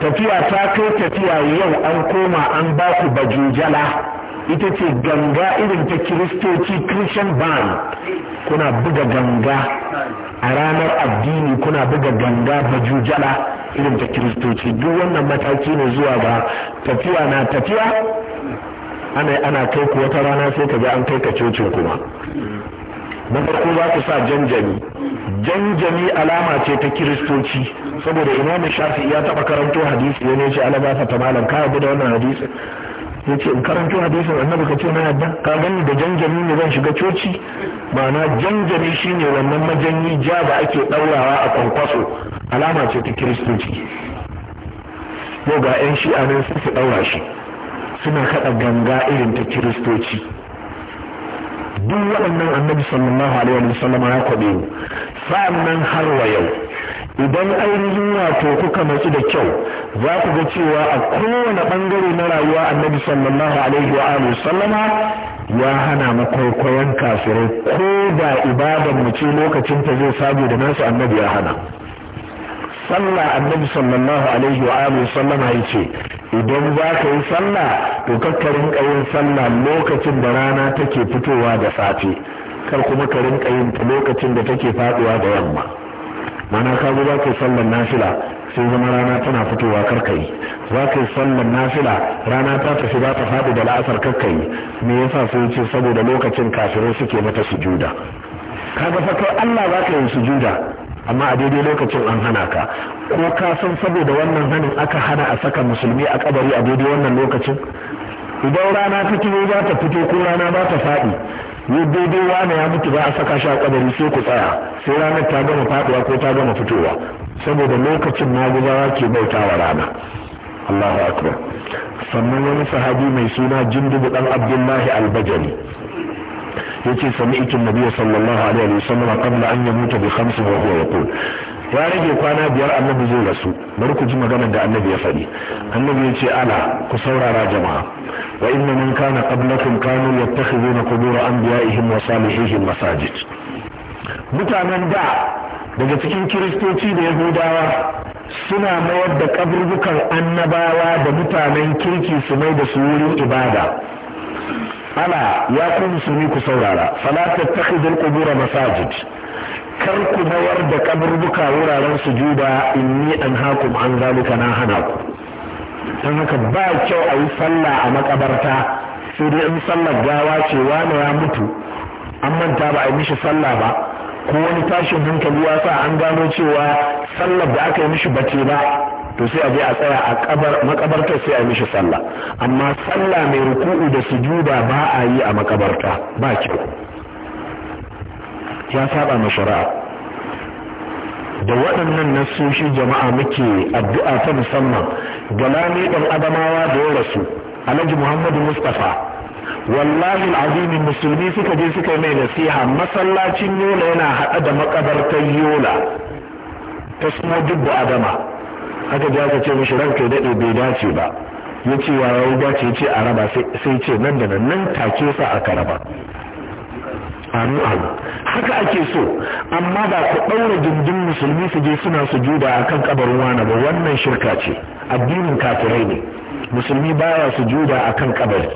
tafiya ta kai tafiya yau an koma an ba ku bajujala ita ce ganga irin ta kiristoci christian band kuna buga ganga a ranar addini kuna buga ganga bajujala irin ta kiristoci duk wannan mataki ne zuwa ba tafiya na tafiya ana kai ku wata rana sai ka ga an kai ka cocin kuma na farko za ku sa janjami janjami alama ce ta kiristoci saboda imam shafi ya taba karanto hadisi ya ne ce alaba ta malam ka da wannan hadisi ya ce in karanto hadisin annabi ka ce na yadda ka gani da janjami ne zan shiga coci ma'ana janjami shine wannan majanyi ja da ake ɗaurawa a kwankwaso alama ce ta kiristoci yau ga 'yan shi'a nan su ɗaura shi suna kaɗa ganga irin ta kiristoci duk waɗannan annabi sallallahu alaihi wa sallam ya kwabe sa'annan har wa yau idan ainihin wato kuka matsu da kyau za ku ga cewa a kowane ɓangare na rayuwa annabi sallallahu alaihi wa sallama ya hana mu kwaikwayon kafirai ko da ibadan mu ce lokacin ta zai sabo da nasu annabi ya hana sallah annabi sallallahu alaihi wa alihi ya yace idan za ka yi sallah to ka rinka yin sallah lokacin da rana take fitowa da safe kar kuma ka rinka yin ta lokacin da take faduwa da yamma mana ka zo za ka yi sallar nafila sai zama rana tana fitowa kar ka yi za ka yi sallar nafila rana ta tafi za ta faɗi da la'asar kar ka me yasa sai ce saboda lokacin kafirai suke mata sujuda kaga fa kai Allah za ka yi sujuda amma a daidai lokacin an hana ka ko ka san saboda wannan hanin aka hana a saka musulmi a kabari a daidai wannan lokacin idan rana ta kiro za ta fito ko rana ba ta faɗi ni daidai wane ya mutu ba a saka shi a kabari sai ku tsaya sai ranar ta gama faɗuwa ko ta gama fitowa saboda lokacin maguzawa ke bauta wa rana Allahu akbar sannan wani sahabi mai suna jindubu dan Abdullahi al yace sami'tu an-nabiy sallallahu alaihi wasallam qabla an yamuta bi khamsi wa huwa yaqul ya rage kwana biyar annabi zai rasu bari ku ji maganar da annabi ya faɗi annabi ya ce ala ku saurara jama'a wa inna man kana qablakum kanu yattakhiduna qubur anbiya'ihim wa salihihim masajid mutanen da daga cikin kiristoci da yahudawa suna mayar da kaburbukan annabawa da mutanen kirki su mai da su wurin ibada ala ya ku musulmi ku saurara fala takhidul qubur masajid kar ku mayar da kaburbuka wuraren sujuda inni anhaakum an zalika na hana ku dan haka ba kyau a yi sallah a makabarta sai dai in sallar gawa ce wani ya mutu an manta ba a yi mishi sallah ba ko wani tashin hankali ya sa an gano cewa sallar da aka yi mishi bace ba to sai a je a tsaya a kabar makabartar sai a yi mishi sallah amma sallah mai ruku'u da sujuda ba a yi a makabarta ba kyau ya saba ma shari'a da waɗannan nassoshi jama'a muke addu'a ta musamman ga lami ɗan adamawa da ya rasu alhaji muhammadu mustapha wallahi azimin musulmi suka je suka mai nasiha masallacin yola yana haɗa da makabartar yola ta suna dubba adama haka ji aka ce mishi ranka daɗe bai dace ba ya ce wa ya dace ce a raba sai ce nan da nan nan take sa aka raba amu amu haka ake so amma ba ku ɗaura gindin musulmi su je suna sujuda a kan kabarin wana ba wannan shirka ce addinin kafirai ne musulmi baya su sujuda a kan kabari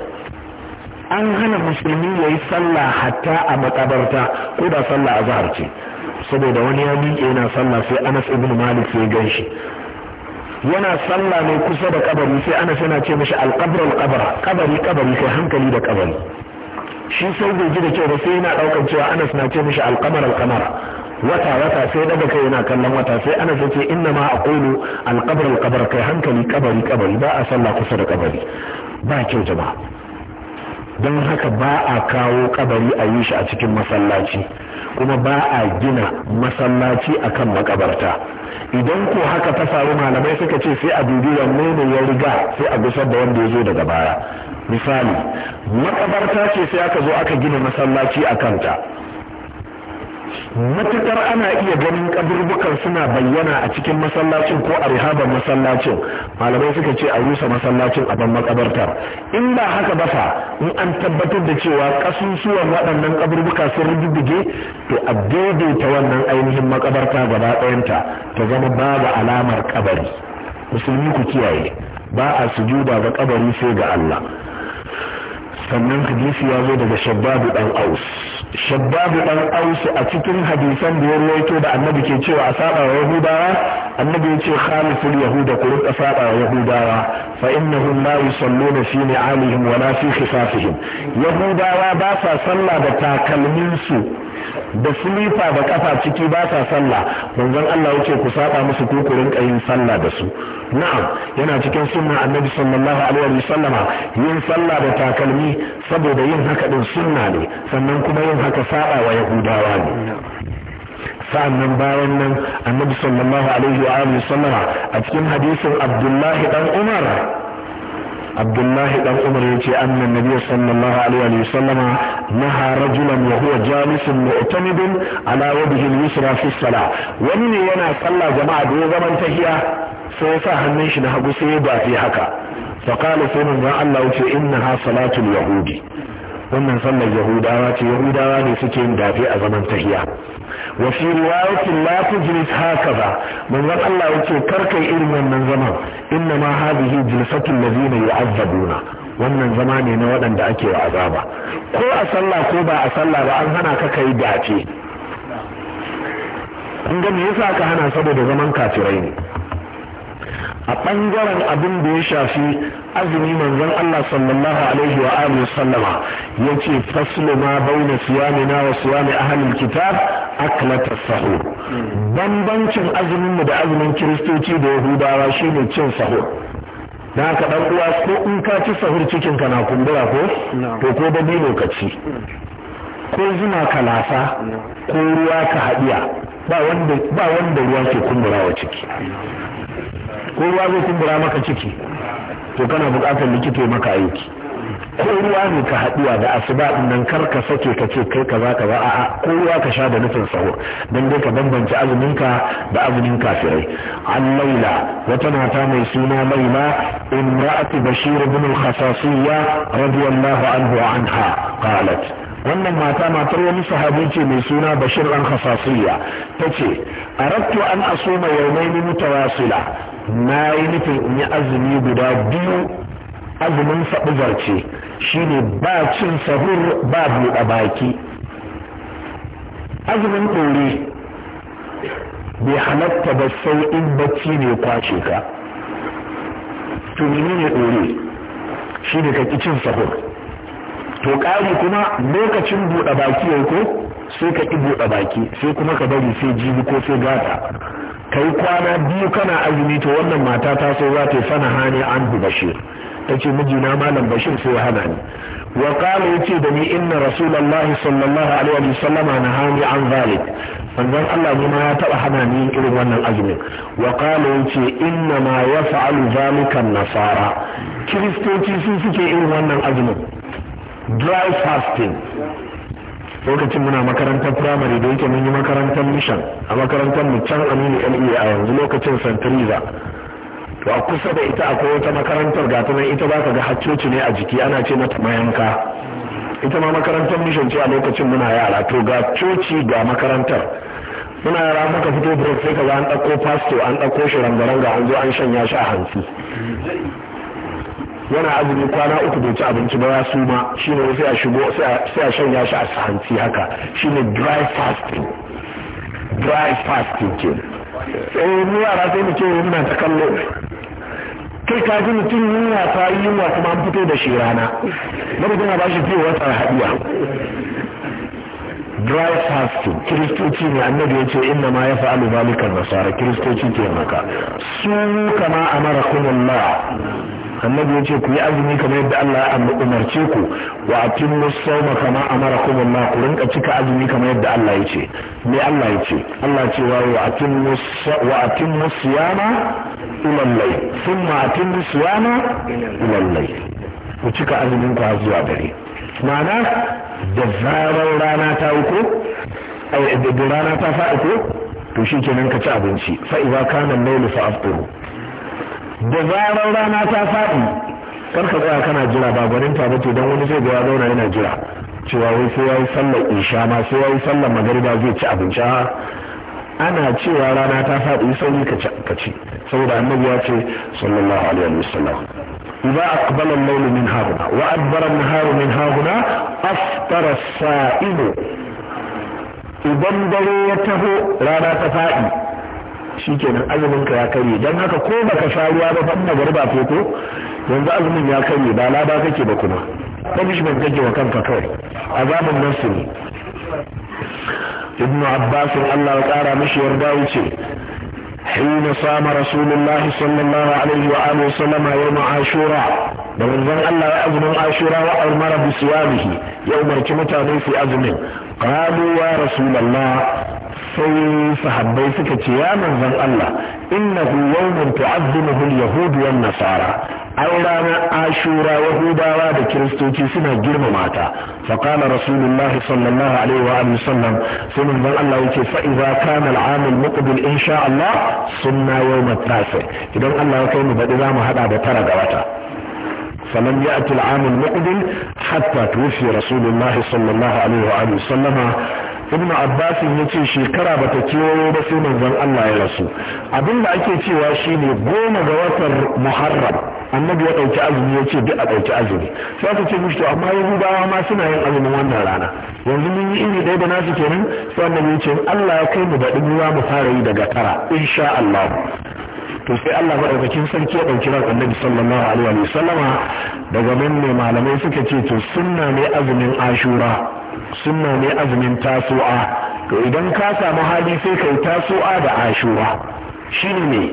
an hana musulmi ya yi sallah hatta a makabarta ko da sallah a zahar ce saboda wani ya miƙe yana sallah sai anas ibn malik sai gan shi yana sallah ne kusa da kabari sai ana yana ce mishi alƙabar alƙabara kabari kabari sai hankali da kabari shi sai bai ji da kyau ba sai yana ɗaukar cewa anas na ce mishi alƙamar alƙamar wata wata sai daga kai yana kallon wata sai ana ce inna ma aqulu alqabr alqabr kai hankali kabari kabari ba a sallah kusa da kabari ba kyau jama'a don haka ba a kawo kabari a yi shi a cikin masallaci kuma ba a gina masallaci akan makabarta idan ko haka ta faru malamai suka ce sai a dubi wanne ne ya riga sai a gusar da wanda ya zo daga baya misali makabarta ce sai aka zo aka gina masallaci a kanta matukar ana iya ganin ƙabirbukan suna bayyana a cikin masallacin ko a rihaban masallacin malamai suka ce a rusa masallacin a ban makabartar in ba haka ba fa in an tabbatar da cewa ƙasusuwar waɗannan ƙabirbuka sun rididdige to a daidaita wannan ainihin makabarta gaba ɗayanta ta zama babu alamar ƙabari musulmi ku kiyaye ba a sujuda ga ƙabari sai ga Allah sannan hadisi ya zo daga shabbabu ɗan aus shabbabu ɗan ausu a cikin hadisan da ya rawaito da annabi ke cewa a saba wa yahudawa annabi ya ce khaliful yahuda ku rika saba wa yahudawa fa innahum la yusalluna yahudawa ba sa sallah da takalmin su da silifa da kafa ciki ba sa sallah manzon Allah yake ku saba musu kukurin kayin sallah da su na'am yana cikin sunna annabi sallallahu alaihi wa sallama yin sallah da takalmi saboda yin haka din sunna ne sannan kuma yin haka saba wa yahudawa ne sa'annan bayan nan annabi sallallahu alaihi wa sallam a cikin hadisin abdullahi dan umar abdullahi dan umar ya ce annan nabiy sallallahu alaihi wa sallama naha rajulan wa huwa jalisun mu'tamidun ala wajhi al-yusra fi salah wani ne yana sallah jama'a da zaman tahiya sai ya sa hannun shi na hagu sai ya bafi haka fa qala sai manzon Allah ya ce ha salatul yahudi wannan sallar yahudawa ce yahudawa ne suke yin dafe a zaman tahiya wa fi riwayatin la tujlis hakaza manzon Allah yace karkai irin wannan zaman inna ma hadhihi jilsatul ladina yu'azzabuna wannan zama ne na waɗanda ake wa azaba ko a sallah ko ba a sallah ba an hana ka kai dace kun ga me yasa ka hana saboda zaman kafirai ne a ɓangaren abin da ya shafi azumi manzon Allah sallallahu alaihi wa alihi sallama yace faslu ma baina siyamina wa siyami ahlil kitab aklat sahur bambancin azumin mu da azumin kiristoci da yahudawa shine cin sahur dan ka dan uwa ko in ka ci sahur cikin ka na kumbura ko to ko da bi lokaci ko zuma ka lasa ko ruwa ka haɗiya ba wanda ruwa ke kumbura wa ciki ko ruwa zai kumbura maka ciki to kana buƙatar likita maka aiki ko ruwa ne ka haɗuwa da asuba nan kar ka sake ka ce kai kaza kaza a'a ko ruwa ka sha da nufin sahur dan dai ka bambance ka da azumin kafirai an laila wata mata mai suna laila imra'atu bashir ibn al-khasasiyya radiyallahu anhu anha qalat wannan mata matar wani sahabi ce mai suna bashir an khasasiyya tace aradtu an asuma yawmayn mutawasila na yi nufin in yi azumi guda biyu azumin saɓi zarce ne ba cin sahur ba buɗe baki azumin ɗore bai halatta da sai in bacci ne kwashe ka to ne ɗore ne ka cin sahur to ƙari kuma lokacin buɗe baki yau ko sai ka ƙi buɗe baki sai kuma ka bari sai jibi ko sai gata ka yi kwana biyu kana azumi to wannan mata ta so za ta yi fana hani an bashir ta ce mijina malam bashir sai ya hana ni wa kala yace da ni inna rasulullahi sallallahu alaihi wa sallam na hani an zalik manzon Allah ne ma ya taba hana ni irin wannan azumin wa kala yace inna ma yaf'alu zalika nasara kiristoci su suke irin wannan azumin dry fasting lokacin muna makarantar firamare da yake mun yi makarantar mishan a makarantar mu can aminu le a yanzu lokacin santiriza to a kusa da ita akwai wata makarantar gata nan ita baka ga haccoci ne a jiki ana ce mata mayanka ita ma makarantar mishan ce a lokacin muna yara to ga coci ga makarantar muna yara muka fito break sai ka ga an ɗauko pasto an ɗauko shi rangaranga an zo an shanya shi a hantsi yana azumi kwana uku bai ci abinci ba ya suma shine sai a shigo sai a shanya shi a sahanci haka shi ne dry fasting dry fasting ke sai eh, mu yara sai mu ce muna ta kallo kai ka ji mutum yunwa ta yi yunwa kuma an fito da shi rana bari kuma ba shi fiye wata haɗiya dry fasting kiristoci ne annabi ya ce inna ma ya fa'alu zalika nasara kiristoci ke maka su kama amara kuma annabi ya ce ku yi azumi kamar yadda Allah ya umarce ku wa atimmu sawma kama amarakum Allah ku rinka cika azumi kamar yadda Allah ya ce me Allah ya ce Allah ya ce wa wa atimmu wa atimmu siyama ila al-layl thumma atimmu siyama ila al-layl ku cika azumin ku zuwa dare ma'ana da zarar rana ta uku da rana ta faɗi ko to shi kenan ka ci abinci fa idza kana al-layl fa da zarar rana ta faɗi ka tsaya kana jira ba gwanin ta bace don wani zai ga ya zauna yana jira cewa wai sai yayi sallar isha ma sai yayi sallar magariba zai ci abinci ana cewa rana ta faɗi sauri ka ci saboda annabi ya ce sallallahu alaihi wasallam min hauna wa adbara هاهنا nahar min hauna aftara as السائل idan dare ya taho rana ta faɗi shikenan azumin ka ya karye dan haka ko baka sha ruwa ba fa na garba ko yanzu azumin ya karye ba lada kake ba kuma punishment kake wa kanka kawai azabun nafsi ne ibnu abbas Allah ya kara mishi yarda yace حين صام رسول الله صلى الله عليه وآله وسلم يوم عاشوراء ومن ذن الله أزم عاشوراء وأمر بصيامه يوم ركمت في أزم قالوا يا رسول الله sai sahabbai suka ce ya manzon Allah innahu yawmun tu'azzimuhu al-yahud wa an nasara ai rana ashura yahudawa da kristoci suna girmama ta fa qala rasulullah sallallahu alaihi wa alihi sallam sai manzon Allah yake fa idza kana al-aam al-muqbil insha Allah sunna yawm al tasi idan Allah ya kai mu badi za mu hada da tara ga wata فلم يأتي العام المقبل حتى توفي رسول الله صلى الله عليه وآله وسلم ibn abbas ya ce shekara ba ta kewayo ba sai manzon Allah ya rasu abin da ake cewa shine goma ga watan muharram annabi ya dauki azumi ya ce duk a dauki azumi sai aka ce mishi to amma yahudawa ma suna yin azumin wannan rana yanzu mun yi iri ɗaya da nasu kenan sai annabi ya ce Allah ya kai mu da dubuwa mu fara yi daga tara insha Allah to sai Allah madaukakin sarki ya dauki ran annabi sallallahu alaihi wa sallama daga mun ne malamai suka ce to sunna ne azumin ashura sunna ne azumin tasu'a to idan ka samu hali sai kai tasu'a da ashura shine ne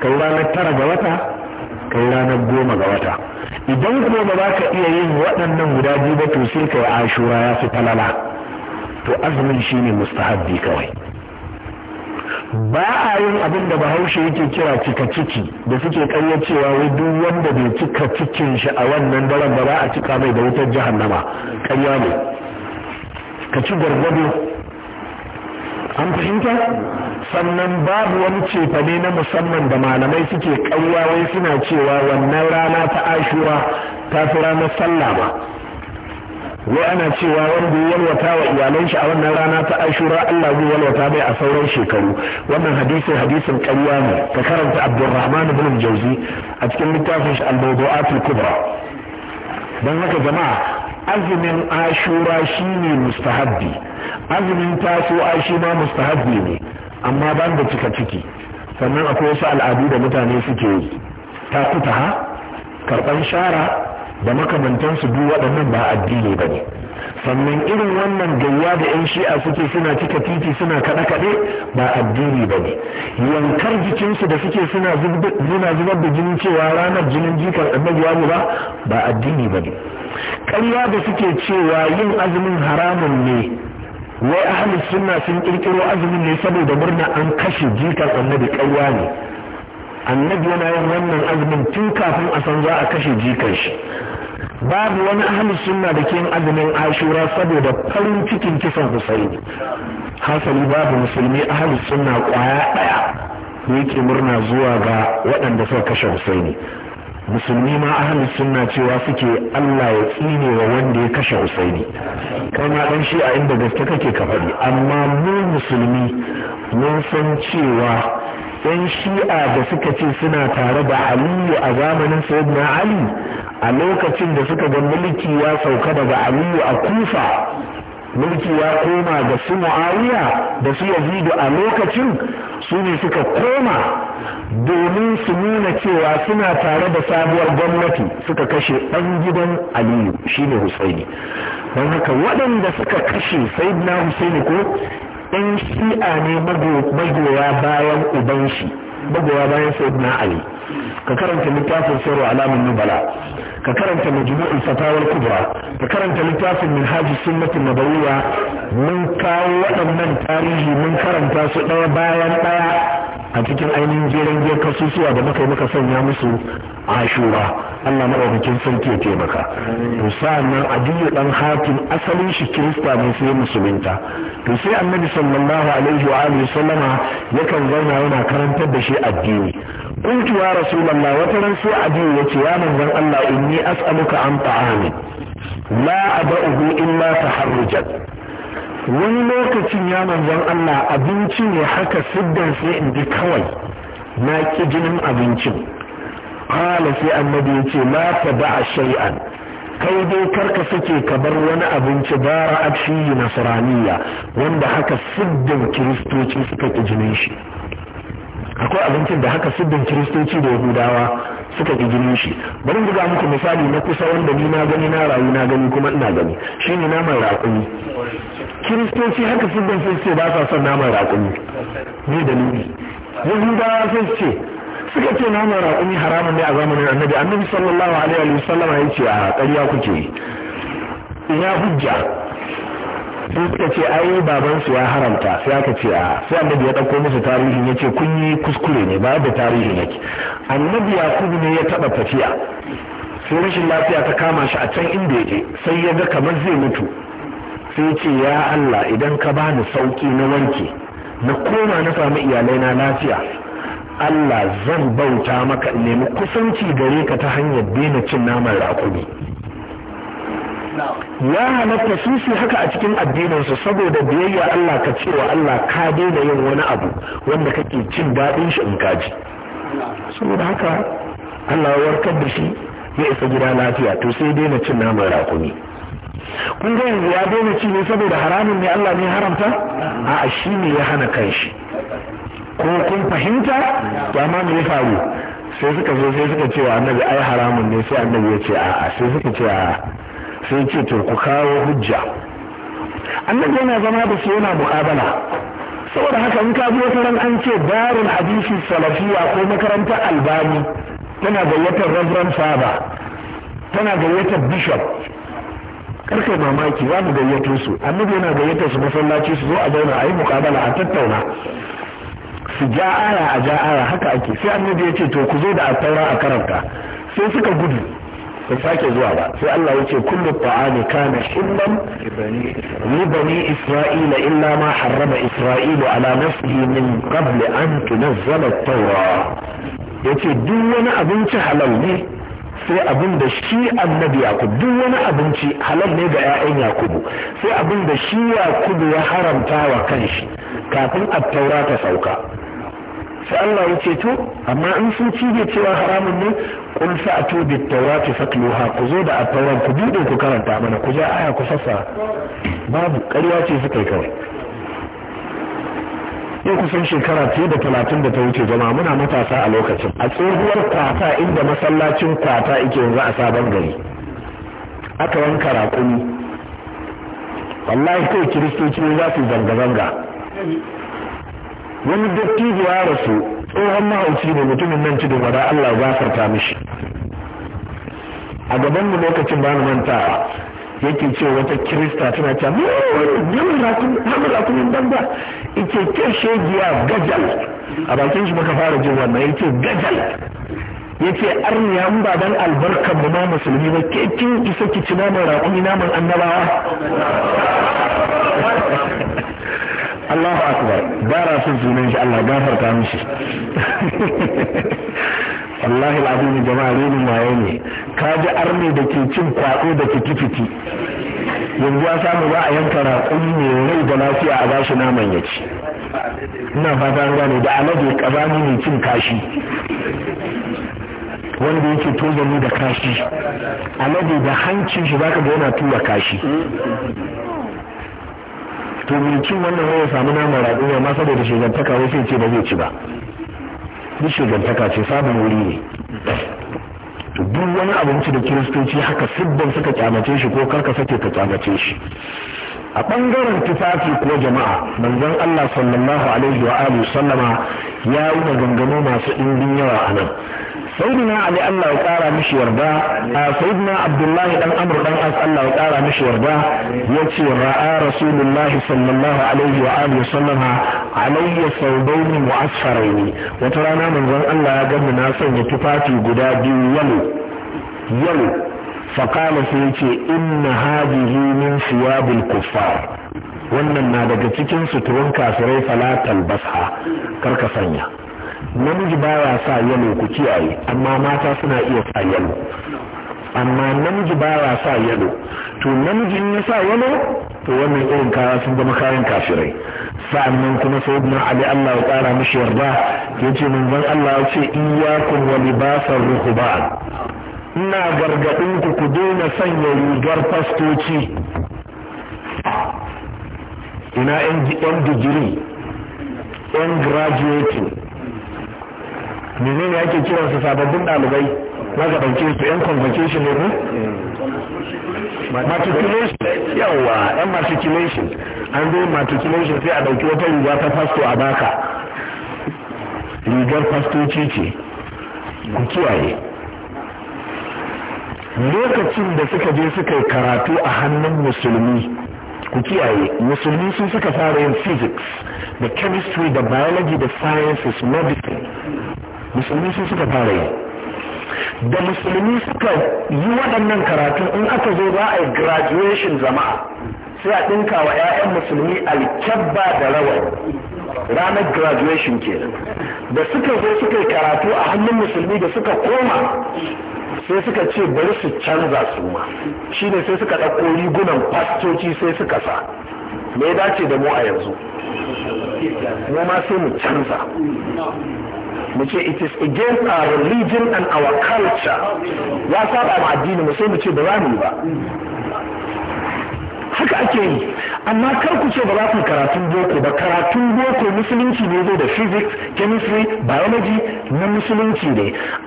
kai ranar tara ga wata kai ranar goma ga wata idan kuma ba za ka iya yin waɗannan guda biyu ba to sai kai ashura ya fi falala to azumin shine mustahabbi kawai ba a yin abin da bahaushe yake kira cika ciki da suke karyacewa wai duk wanda bai cika cikin shi a wannan daren ba za a cika mai da wutar jahannama ƙarya ne ka ci gwargwado an fahimta sannan babu wani cefane na musamman da malamai suke ƙauyawai suna cewa wannan rana ta ashura ta fi ranar sallah ba wai ana cewa wanda ya yalwata wa iyalan a wannan rana ta ashura Allah zai yalwata bai a sauran shekaru wannan hadisi hadisin ƙarya ne ka karanta abdurrahman ibn Jauzi a cikin littafin shi al-Mawdu'at kubra dan haka jama'a azumin ashura shine mustahabbi azumin tasowa shi ma mustahabbi ne amma ban da cika ciki sannan akwai wasu al'adu da mutane suke yi kuta ha karɓan shara da makamantansu duk waɗannan ba addini ba ne sannan irin wannan gayya da 'yan shi'a suke suna cika titi suna kaɗe-kaɗe ba addini ba ne yankar jikinsu da suke suna zubar da jini cewa ranar jinin jikar annabi wani ba ba addini ba ne ƙarya da suke cewa yin azumin haramun ne wai ahalus suna sun ƙirƙiro azumin ne saboda murna an kashe jikar annabi ƙarya ne annabi yana yin wannan azumin tun kafin a san za a kashe jikar shi babu wani ahli sunna da ke azumin ashura saboda farin cikin kisan husaini hasali babu musulmi ahli sunna kwaya daya da yake murna zuwa ga waɗanda suka kashe husaini musulmi ma ahli sunna cewa suke Allah ya tsine wa wanda ya kashe husaini kai ma dan shi a inda gaske kake ka faɗi amma mu musulmi mun san cewa yan shi'a da suka ce suna tare da aliyu a zamanin sayyidina ali a lokacin da suka ga mulki ya sauka daga aliyu a kufa mulki ya koma ga su mu'awiya da su yazidu a lokacin su ne suka koma domin su nuna cewa suna tare da sabuwar gwamnati suka kashe ɗan gidan aliyu shine husaini don haka waɗanda suka kashe sayyidina husaini ko ɗan shi'a ne magoya bayan uban shi magoya bayan na ali ka karanta littafin sayar alamun nubala ka karanta majmu'ul fatawar kubra ka karanta littafin minhaj sunnatin nabawiyya mun kawo waɗannan tarihi mun karanta su ɗaya bayan ɗaya a cikin ainihin jeren jiyar kasusuwa da muka yi muka sanya musu ashura Allah maɗaukakin sarki ya taimaka to sa'annan adiyu dan hakim asalin shi kirista ne sai musulunta to sai annabi sallallahu alaihi wa alihi sallama yakan zauna yana karantar da shi addini kuntu ya rasulullah wata ran sai abiyu yace ya manzon Allah inni as'aluka an amin. la ugu illa taharrujan wani lokacin ya manzan Allah abinci ne haka siddan sai in ji kawai na ki jinin abincin qala sai annabi yace la a shay'an kai dai karka suke ka bar wani abinci bara a fiye nasraniya wanda haka siddan kiristoci suka ki jinin shi akwai abincin da haka siddin kiristoci da yahudawa suka ƙi shi bari buga muku misali na kusa wanda ni na gani na rayu na gani kuma ina gani shine naman raƙumi kiristoci haka siddin sai ce ba sa son naman raƙumi ni dalili yahudawa sai ce suka ce naman raƙumi haramun ne a zamanin annabi annabi sallallahu alaihi wa sallam ya ce a ƙarya kuke ina hujja sai suka ce ai baban su ya haramta sai aka ce a sai annabi ya dauko musu tarihin ce kun yi kuskure ne ba da tarihin yake annabi yakub ne ya taba tafiya sai rashin lafiya ta kama shi a can inda yake sai ya ga kamar zai mutu sai ce ya Allah idan ka bani sauki na wanke na koma na samu iyalai na lafiya Allah zan bauta maka nemi kusanci gare ka ta hanyar daina cin naman raƙumi ya halatta su su haka a cikin addininsu saboda biyayya Allah ka cewa Allah ka daina yin wani abu wanda kake cin daɗin shi in kaji saboda haka Allah ya warkar da shi ya isa gida lafiya to sai daina cin naman rakumi kun ga yanzu ya daina ci ne saboda haramun ne Allah ne haramta a'a shi ne ya hana kan shi. ko kun fahimta to amma me ya faru sai suka zo sai suka cewa annabi ai haramun ne sai annabi ya ce a'a sai suka ce a'a sai ce to ku kawo hujja annabi yana zama da su yana muƙabala saboda haka in ka zo ran an ce darul hadisi salafiya ko makarantar albani tana gayyatar reverend father tana gayyatar bishop karka mamaki za mu gayyato su annabi yana gayyatar su masallaci su zo a zauna a yi muƙabala a tattauna su ja aya a ja aya haka ake sai annabi ya ce to ku zo da attaura a karanta sai suka gudu kun sake zuwa ba sai Allah ya ce kullu ta'ami kana shibban li bani isra'ila illa ma harrama isra'ilu ala nafsihi min qabl an tunazzala at-taura yace duk wani abinci halal ne sai abin da shi annabi yakub duk wani abinci halal ne ga 'ya'yan yakubu sai abin da shi yakubu ya haramta wa kanshi kafin at-taura ta sauka sai Allah ya ce to amma in sun cije cewa haramun ne kun sa a to bi tawrati fatluha ku zo da attauran ku bude ku karanta mana ku ja aya ku sassa babu ƙarya ce suka yi kawai yau kusan shekara fiye da talatin da ta wuce zama muna matasa a lokacin a tsohuwar kwata inda masallacin kwata ike yanzu a sabon gari aka wanka raƙumi wallahi kai kiristoci za su zanga-zanga wani dattijo ya rasu tsohon mahauci ne mutumin nan ci da Allah gafarta mishi a gaban mu lokacin ba mantawa yake ce wata kirista tana ta yawan rakunin banza yake ke shegiya gajal a bakin shi muka fara jin wannan yake gajal yake arniya in ba dan albarkan mu ma musulmi ba ke kin isa ki ci naman raƙumi naman annabawa Allahu akbar bara sun sunan shi Allah gafarta mishi wallahi al'azim jama'a renin waye ne ka ji arme da ke cin kwado da fiti yanzu ya samu ba a yanka raƙumi mai rai da lafiya a bashi naman ya ci ina fata an gane da alade kazani ne cin kashi wanda yake tozani da kashi alade da hancin shi zaka ga yana tura kashi to mai wannan wai ya samu naman raƙumi amma saboda shigantaka wai sai ce ba zai ci ba duk shigantaka ce sabon wuri ne to duk wani abinci da kiristoci haka sibban suka kyamace shi ko karka sake ka kyamace shi a ɓangaren tufafi ko jama'a manzon Allah sallallahu alaihi wa alihi sallama ya yi maganganu masu ɗimbin yawa a nan sayyidina ali Allah ya kara mishi yarda sayyidina abdullahi dan amr dan as Allah ya kara mishi yarda yace ra'a rasulullah sallallahu alaihi wa alihi sallama alayya saudain wa asfaraini wata rana manzon Allah ya ga na sanya tufafi guda biyu yalo yalo faqala sai yace inna hadhihi min siyabil kuffar wannan na daga cikin suturun kafirai fala talbasa karka sanya namiji baya sa yalo ku kiyaye amma mata suna iya sa yalo amma namiji baya sa yalo to namiji ne sa yalo to wannan irin kaya sun zama kayan kafirai sa'annan kuma ibn ali Allah ya tsara mishi yarda yace zan Allah ya ce iyyakum wa libasar ruhban ina gargadin ku ku daina sanya rigar fastoci ina yan digiri yan graduating ne ake kiran su sababbin ɗalibai za ka ɗauke su yan convocation ne ne matriculation yawa yan matriculation an zo matriculation sai a ɗauki wata riga ta fasto a baka rigar fastoci ce ku kiyaye lokacin da suka je suka yi karatu a hannun musulmi ku kiyaye musulmi sun suka fara yin physics da chemistry da biology da sciences medicine musulmi su suka fara yi da musulmi suka yi waɗannan karatu in aka zo za a yi graduation jama'a sai a ɗinka wa 'ya'yan musulmi alkyabba da rawar ranar graduation ke da suka zo suka yi karatu a hannun musulmi da suka koma sai suka ce bari su canza su ma shine sai suka ɗauko rigunan fastoci sai suka sa me dace da mu a yanzu mu ma sai mu canza mu ce it is against our religion and our culture ya saba ma addini mu sai mu ce ba za mu yi ba haka ake yi amma kar ku ce ba za ku karatun boko ba karatun boko musulunci ne zo da physics chemistry biology na musulunci ne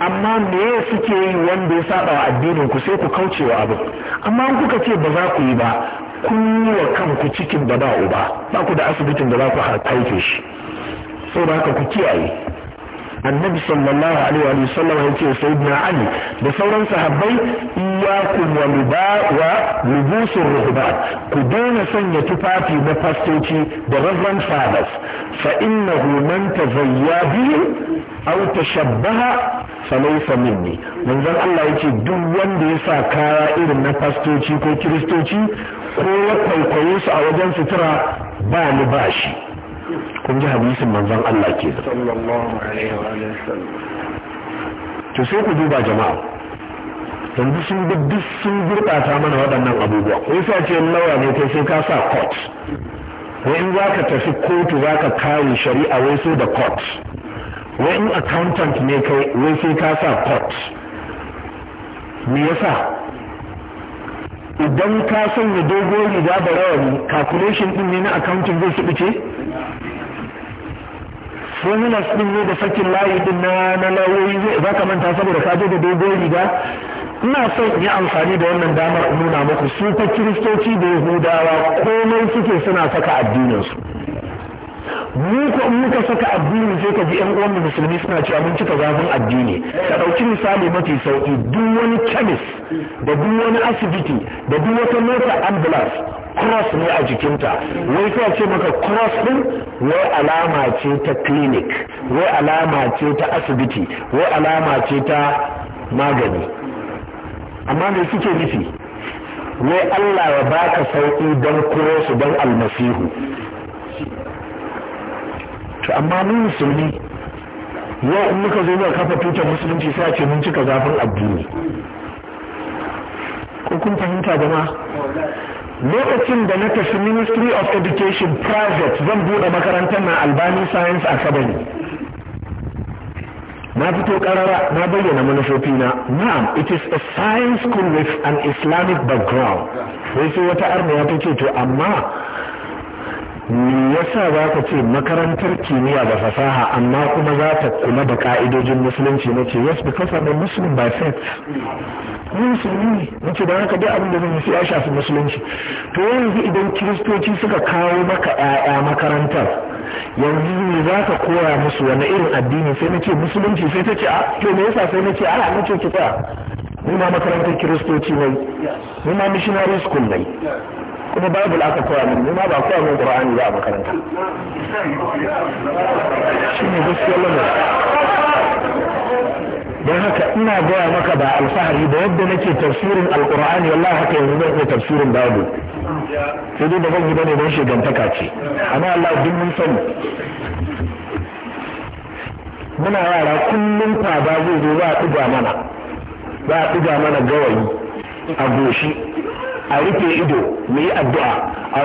amma me suke yi wanda ya saba wa addinin ku sai ku kauce wa abu amma an kuka ce ba za ku yi ba kun yi wa kanku cikin da ba uba ba ku da asibitin da za ku haife shi da haka ku kiyaye annabi sallallahu alaihi wa sallam ya sayyidina ali da sauran sahabbai iyyakum wa liba wa lubusur ku daina sanya tufafi na fastoci da reverend fadas fa innahu man tazayya bihi aw tashabbaha falaisa minni manzon Allah ya duk wanda ya sa kaya irin na fastoci ko kiristoci ko ya kwaikwaye su a wajen sutura ba ni ba shi kun ji hadisin manzon Allah ke to sai ku duba jama'a yanzu sun bi duk sun gurɓata mana waɗannan abubuwa ko yasa ce lawa ne kai sai ka sa court wai in za ka tafi kotu za ka kare shari'a wai sai da court wai in accountant ne kai wai sai ka sa court me yasa idan ka sanya dogon riga da rawani calculation din ne na accounting zai su ce formulas sun ne da sakin layi din na na lauyoyi za ka manta saboda ka je da dogon riga ina son in yi amfani da wannan damar nuna muku su ta kiristoci da yahudawa komai suke suna saka addininsu mu muka saka addini sai ka ji yan uwan musulmi suna cewa mun cika zafin addini ka ɗauki misali mafi sauki duk wani chemist da duk wani asibiti da duk wata mota ambulance cross ne a jikinta wai sai ce maka cross din wai alama ce ta clinic wai alama ce ta asibiti wai alama ce ta magani amma me suke nufi wai Allah ya baka sauki don cross don almasihu to amma mu musulmi yau in muka zo muka kafa tutar musulunci sai a ce mun cika zafin addini ko kun fahimta ma lokacin da na tafi ministry of education private zan bude makarantar na albani science academy na fito karara na bayyana manufofi na na'am it is a science school with an islamic background sai sai wata arna ya ce to amma ya yasa za ka ce makarantar kimiyya da fasaha amma kuma za ta kula da ka'idojin musulunci na ce yes because I'm a Muslim by faith ni musulmi ne ce da haka duk abin da zan yi ya shafi musulunci to yanzu idan kiristoci suka kawo maka ƴaƴa makarantar yanzu ne za ka koya musu wani irin addini sai na ce musulunci sai ta ce a ah, to me yasa sai na ce a ah, na ce ki tsaya ni ma makarantar kiristoci ne ni ma missionary school ne kuma bible aka koya min ni ma ba koya min qur'ani ba a makaranta shine gaskiya lamarin don haka ina gaya maka ba alfahari da yadda nake tafsirin alqur'ani wallahi haka yanzu zan iya tafsirin Babu sai dai da zan yi bane don shigantaka ce amma Allah duk mun sani muna yara kullum fada zai zo za a ɗiga mana za a ɗiga mana gawayi a goshi a rufe ido mu yi addu'a a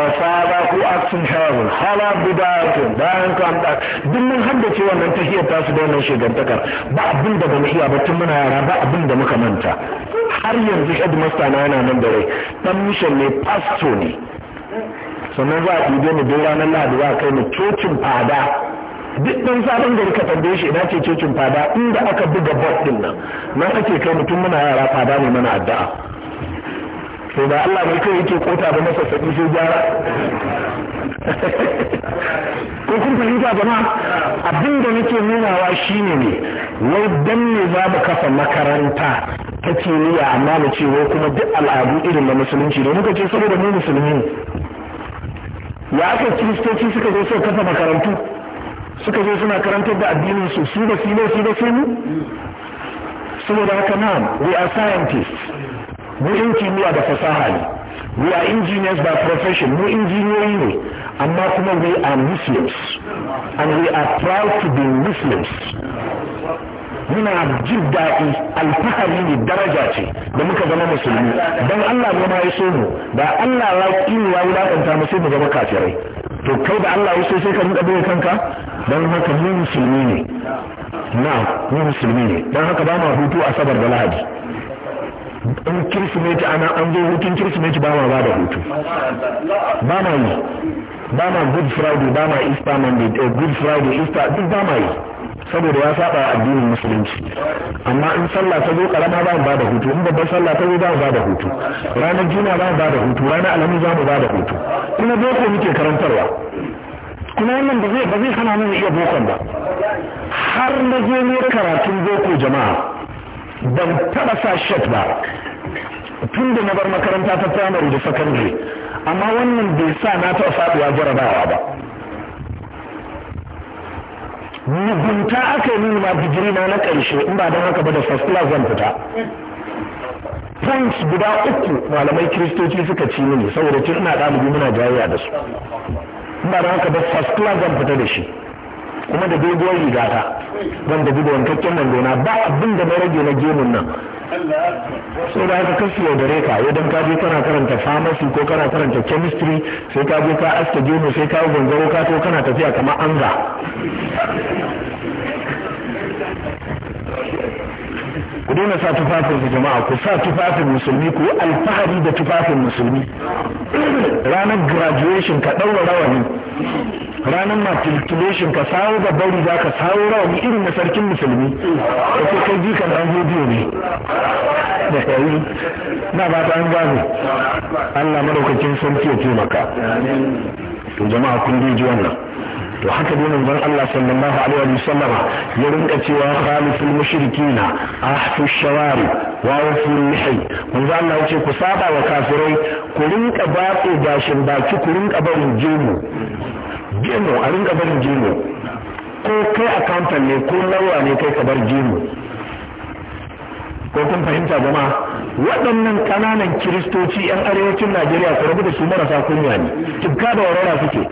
ba ko aksin heaven hala budatun bayan kan da duk mun haddace wannan tahiyar tasu da wannan shegantakar ba abin da bamu iya ba tun muna yara ba abin da muka manta har yanzu headmaster na yana nan da rai dan mission ne pasto ne sannan za a ɗibe mu duk ranar lahadi za a kai mu cocin fada duk ɗan sabon gari ka tambaye shi ina ce cocin fada inda aka buga bot ɗin nan nan ake kai tun muna yara fada ne mana addu'a Sai ba Allah mai kai yake kota da masa saki sai gyara ko kun fahimta jama'a abin da nake nunawa shine ne wai dan ne za mu kafa makaranta ta kimiyya amma mu ce wai kuma duk al'adu irin na musulunci da muka ce saboda mu musulmi ya aka kiristoci suka zo suka kafa makarantu suka zo suna karantar da addinin su su ba su ba su mu saboda haka nan we are scientists mu kimiyya da fasaha ne we are engineers by profession mu injiniyoyi ne amma kuma we are muslims and we are proud to be muslims muna jin daɗi alfahari ne daraja ce da muka zama musulmi don Allah ne ma ya so mu da Allah ya kini ya wulaƙanta mu sai mu zama kafirai to kai da Allah ya so sai ka rinka bai kanka don haka mu musulmi ne na mu musulmi ne don haka ba ma hutu asabar da lahadi in kirsimeti ana an zo hutun kirsimeti ba ma ba da hutu ba ma yi ba ma good friday ba ma easter monday eh, good friday easter duk ba ma yi saboda ya saba addinin musulunci amma in sallah ta zo karama ba ba da hutu in babban sallah ta zo ba ba da hutu ranar juna ba ba da hutu ranar alamu za mu ba da hutu kuma boko muke karantarwa kuma wannan ba zai hana mu iya bokon ba har na zo ne karatun boko jama'a ban taɓa sa shirt ba tun da na bar makaranta ta firamare da sakandare amma wannan bai sa na taba faɗuwa jarabawa ba mugunta aka yi mini ma digiri na na ƙarshe in ba don haka ba da first class zan fita points guda uku malamai kiristoci suka ci mini saboda tun ina ɗalibi muna jayayya da su in ba don haka ba first class zan fita da shi kuma da doguwar riga ta ban da da wankakken nan gona ba abin da na rage na gemun nan so da haka kashi yaudare ka idan ka je kana karanta pharmacy ko kana karanta chemistry sai ka je ka aske gemu sai ka gangaro ka to kana tafiya kamar anga ku daina sa tufafin su jama'a ku sa tufafin musulmi ku alfahari da tufafin musulmi ranar graduation ka ɗaura rawani ranar matriculation ka sawo babbar riga ka sawo rawani irin na sarkin musulmi da ke kai jikan ɗan bidiyo ne da yayi na ba ta an gane Allah madaukakin sarki ya taimaka to jama'a kun ji wannan to haka dai manzon Allah sallallahu alaihi wa sallam ya rinka cewa khalisul mushrikina ahfu shawari wa awfu lihi manzon Allah yace ku saba wa kafirai ku rinka batse gashin baki ku rinka barin jemu gemu a rinka barin gemu ko kai akantan ne ko lauwa ne kai ka bar gemu ko kun fahimta zama waɗannan ƙananan kiristoci 'yan arewacin najeriya su rabu da su marasa kunya ne tubka da warara suke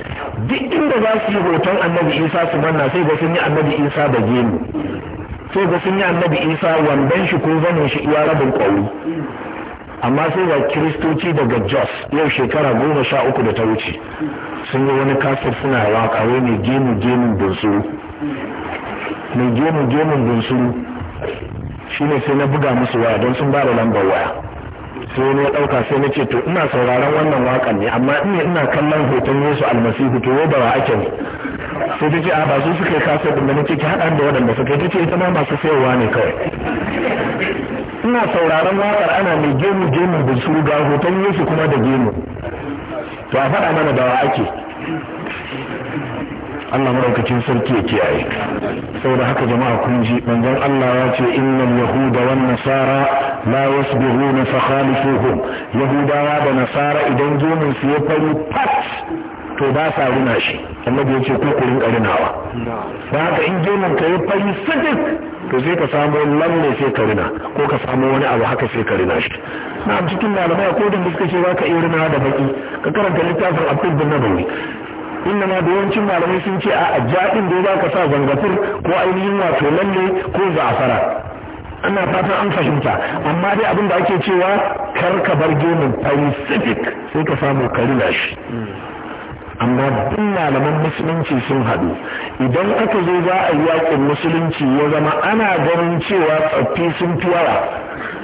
duk inda za su yi hoton annabi isa su manna sai ga sun yi annabi isa da gemu sai ga sun yi annabi isa wandon shi ko zanen shi iya rabin ƙwauri amma sai ga kiristoci daga jos yau shekara goma sha uku da ta wuce sun yi wani kasar suna waka wai mai gemu gemun bunsuru mai gemu gemun bunsuru shine sai na buga musu waya don sun ba da lambar waya sai ne ɗauka sai na ce to ina sauraron wannan wakan ne amma ina ina kallon hoton yesu almasihu to yau bawa ake ne sai ta ce a ba su suka yi kasa da na ce ki haɗa da waɗanda suka ta ce ita ma masu sayarwa ne kawai ina sauraron wakar ana mai gemu gemu da su ga hoton yesu kuma da gemu to a faɗa mana bawa ake Allah madaukakin sarki ya kiyaye saboda haka jama'a kun ji manzon Allah ya ce innal yahuda wan nasara la yasbiruna fa khalifuhum yahudawa da nasara idan gemin su ya fari pat to ba sa runa shi annabi ya ce ko ku rinka runawa da haka in ka ya fari sadik to sai ka samu lamme sai ka rina ko ka samu wani abu haka sai ka rina shi na cikin malamai ko da suka ce ba ka iya rinawa da baki ka karanta littafin abdul nabawi inda ma da yawancin malamai sun ce a jaɗin da za ka sa zangafur ko ainihin wato lalle ko za'afara ana fatan an fahimta amma dai abin da ake cewa kar ka bar gemun pacific sai ka samu karila shi amma duk malaman musulunci sun haɗu idan aka zo za a yi yakin musulunci ya zama ana ganin cewa tsaffi sun fi yawa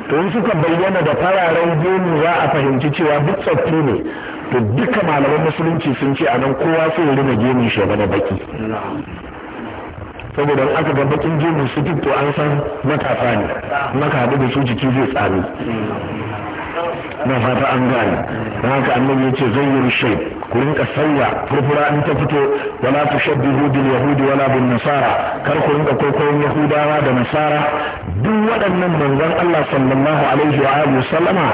to in suka bayyana da fararen gemu za a fahimci cewa duk tsaffi ne to duka malaman musulunci sun ce anan kowa sai ya rina gemun shugaba baki saboda in aka ga bakin gemun su to an san matasa ne maka haɗu da su jiki zai tsami na fata an gane don haka annabi ya zai yi rushe ku rinka sauya furfura in ta fito wala tushaddihu bil yahudi wala bin nasara kar ku rinka kwaikwayon yahudawa da nasara duk waɗannan manzon Allah sallallahu alaihi wa alihi sallama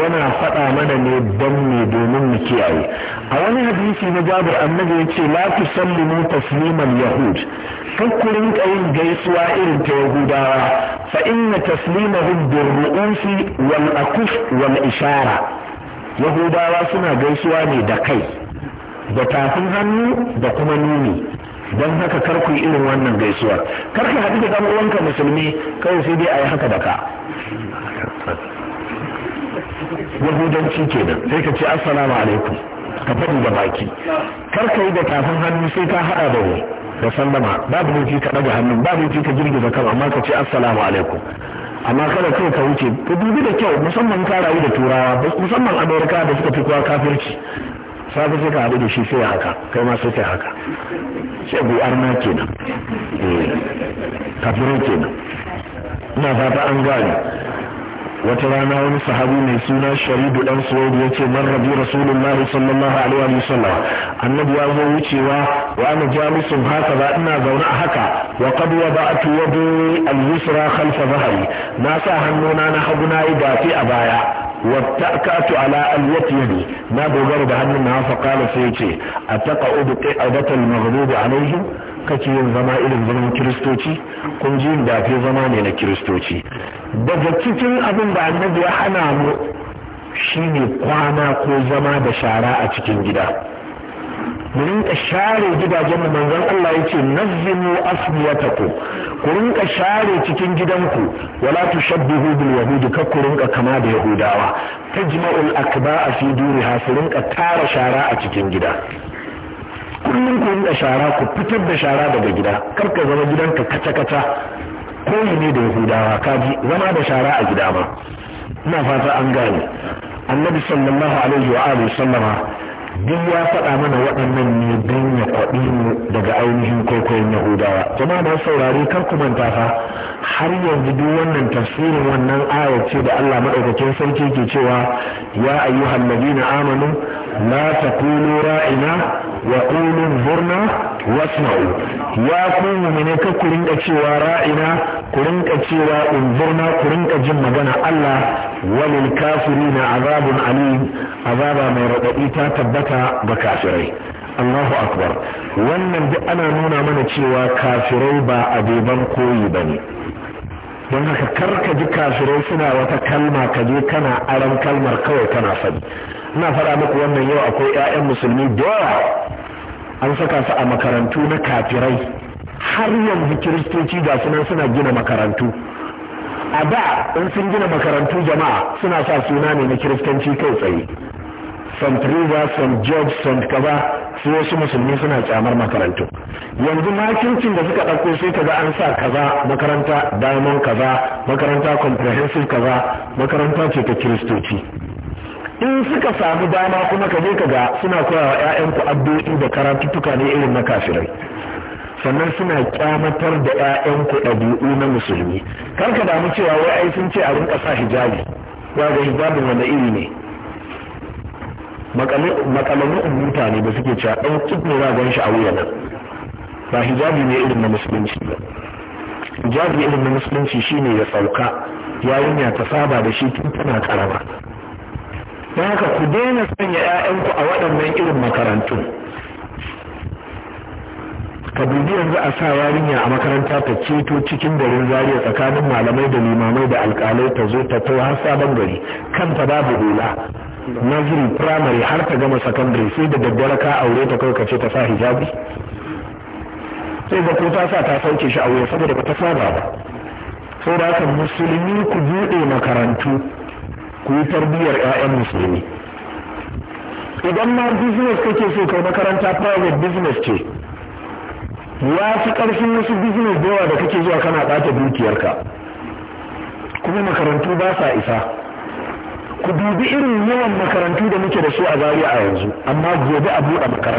yana faɗa mana ne dan ne domin mu kiyaye a wani hadisi na Jabir annabi ce la tusallimu tasliman yahud kakkurin kayin gaisuwa irin ta yahudawa fa inna taslimahum bir ru'usi wal akuf wal ishara yahudawa suna gaisuwa ne da kai da tafin hannu da kuma nuni don haka kar ku irin wannan gaisuwa kar ka haɗu da ɗan uwanka musulmi kawai sai dai a yi haka da ka yahudanci kenan sai ka ce assalamu alaikum ka faɗi da baki kar ka yi da tafin hannu sai ka haɗa da wani da sallama babu laifi ka daga hannun babu laifi ka girgiza kan amma ka ce assalamu alaikum amma kada kai ka wuce ka dubi da kyau musamman ka rayu da turawa musamman amerika da suka fi kowa kafirci safe sai ka abu da shi sai haka kai ma sai kai haka sai bu arna kenan eh, kafirai kenan ina fata an gane wata rana wani sahabi mai suna sharidu dan suwaidu ya ce man rabi rasulullahi sallallahu alaihi wa sallam annabi ya zo wucewa wa ana haka ba ina zaune a haka wa qad wada'tu yadi al-yusra khalfa dhahri na sa hannuna na hagu na yi gafi a baya na dogara da hannun ما بغرب عنه ما فقال سيتي أتقعد قعدة المغضوب عليهم kake yin zama irin zaman kiristoci kun ji da ke zama ne na kiristoci daga cikin abin da annabi ya hana mu shine kwana ko zama da shara a cikin gida mu rinka share gidajen mu manzon Allah yace nazzimu asniyatakum ku rinka share cikin gidanku wala tushabbihu bil yahudi ka ku rinka kama da yahudawa tajma'ul akba'a fi duriha su rinka tara shara a cikin gida kullum ku a shara ku fitar da shara daga gida kar ka zama ka kaca kaca koyi ne da yahudawa kaji zama da shara a gida ba. ina fata an gane annabi sallallahu alaihi wa alihi sallama duk ya faɗa mana waɗannan ne don ya kwaɗi mu daga ainihin kwaikwayon yahudawa jama'a da saurari kar ku manta fa har yanzu duk wannan tafsirin wannan ayar ce da Allah maɗaukakin sarki ke cewa ya ayyuhan na amanu la taqulu ra'ina wa qulu zurna wasma'u ya ku mu'mine ka ku rinka cewa ra'ina ku rinka cewa unzurna ku rinka jin magana Allah walil kafirina azabun alim azaba mai radadi ta tabbata ga kafirai Allahu akbar wannan duk ana nuna mana cewa kafirai ba abeban koyi ba ne don haka karka ji kafirai suna wata kalma ka je kana aron kalmar kawai kana sani ina faɗa muku wannan yau akwai 'ya'yan musulmi da yawa an saka su a makarantu na kafirai har yanzu kiristoci ga sunan suna gina makarantu a da in sun gina makarantu jama'a suna sa suna ne na kiristanci kai tsaye st river st george st kaza su wasu musulmi suna kyamar makarantu yanzu makincin da suka ɗauko sai kaga an sa kaza makaranta diamond kaza makaranta comprehensive kaza makaranta ce ta kiristoci in suka samu dama kuma ka je ka ga suna koya wa 'ya'yanku addu'o'i da karatuttuka ne irin na kafirai sannan suna kyamatar da 'ya'yanku ɗabi'u na musulmi kar ka damu cewa wai ai sun ce a rinka sa hijabi ya ga hijabin wanda iri ne makalamin umuta ne da suke cewa ɗan kit ne za shi a wuya nan ba hijabi ne irin na musulunci ba hijabi irin na musulunci shine ya sauka yayin ya ta saba da shi tun tana karama don haka ku daina sanya 'ya'yanku a waɗannan irin makarantu. ka dubi yanzu a sa yarinya a makaranta ta ceto cikin garin zariya tsakanin malamai da limamai da alkalai ta zo ta tau har sabon gari kanta babu hula naziri firamare har ta gama sakandare sai da daddare ka aure ta kawai kace ta sa hijabi sai da ko ta sa ta sauke shi aure saboda ba ta saba ba saboda haka musulmi ku buɗe makarantu ku yi tarbiyyar 'ya'yan musulmi idan ma business kake so kai makaranta private business ce ya fi ƙarfin wasu business da yawa da kake zuwa kana ɓata dukiyarka kuma makarantu ba sa isa ku dubi irin yawan makarantu da muke da su a zariya a yanzu amma gobe a buɗe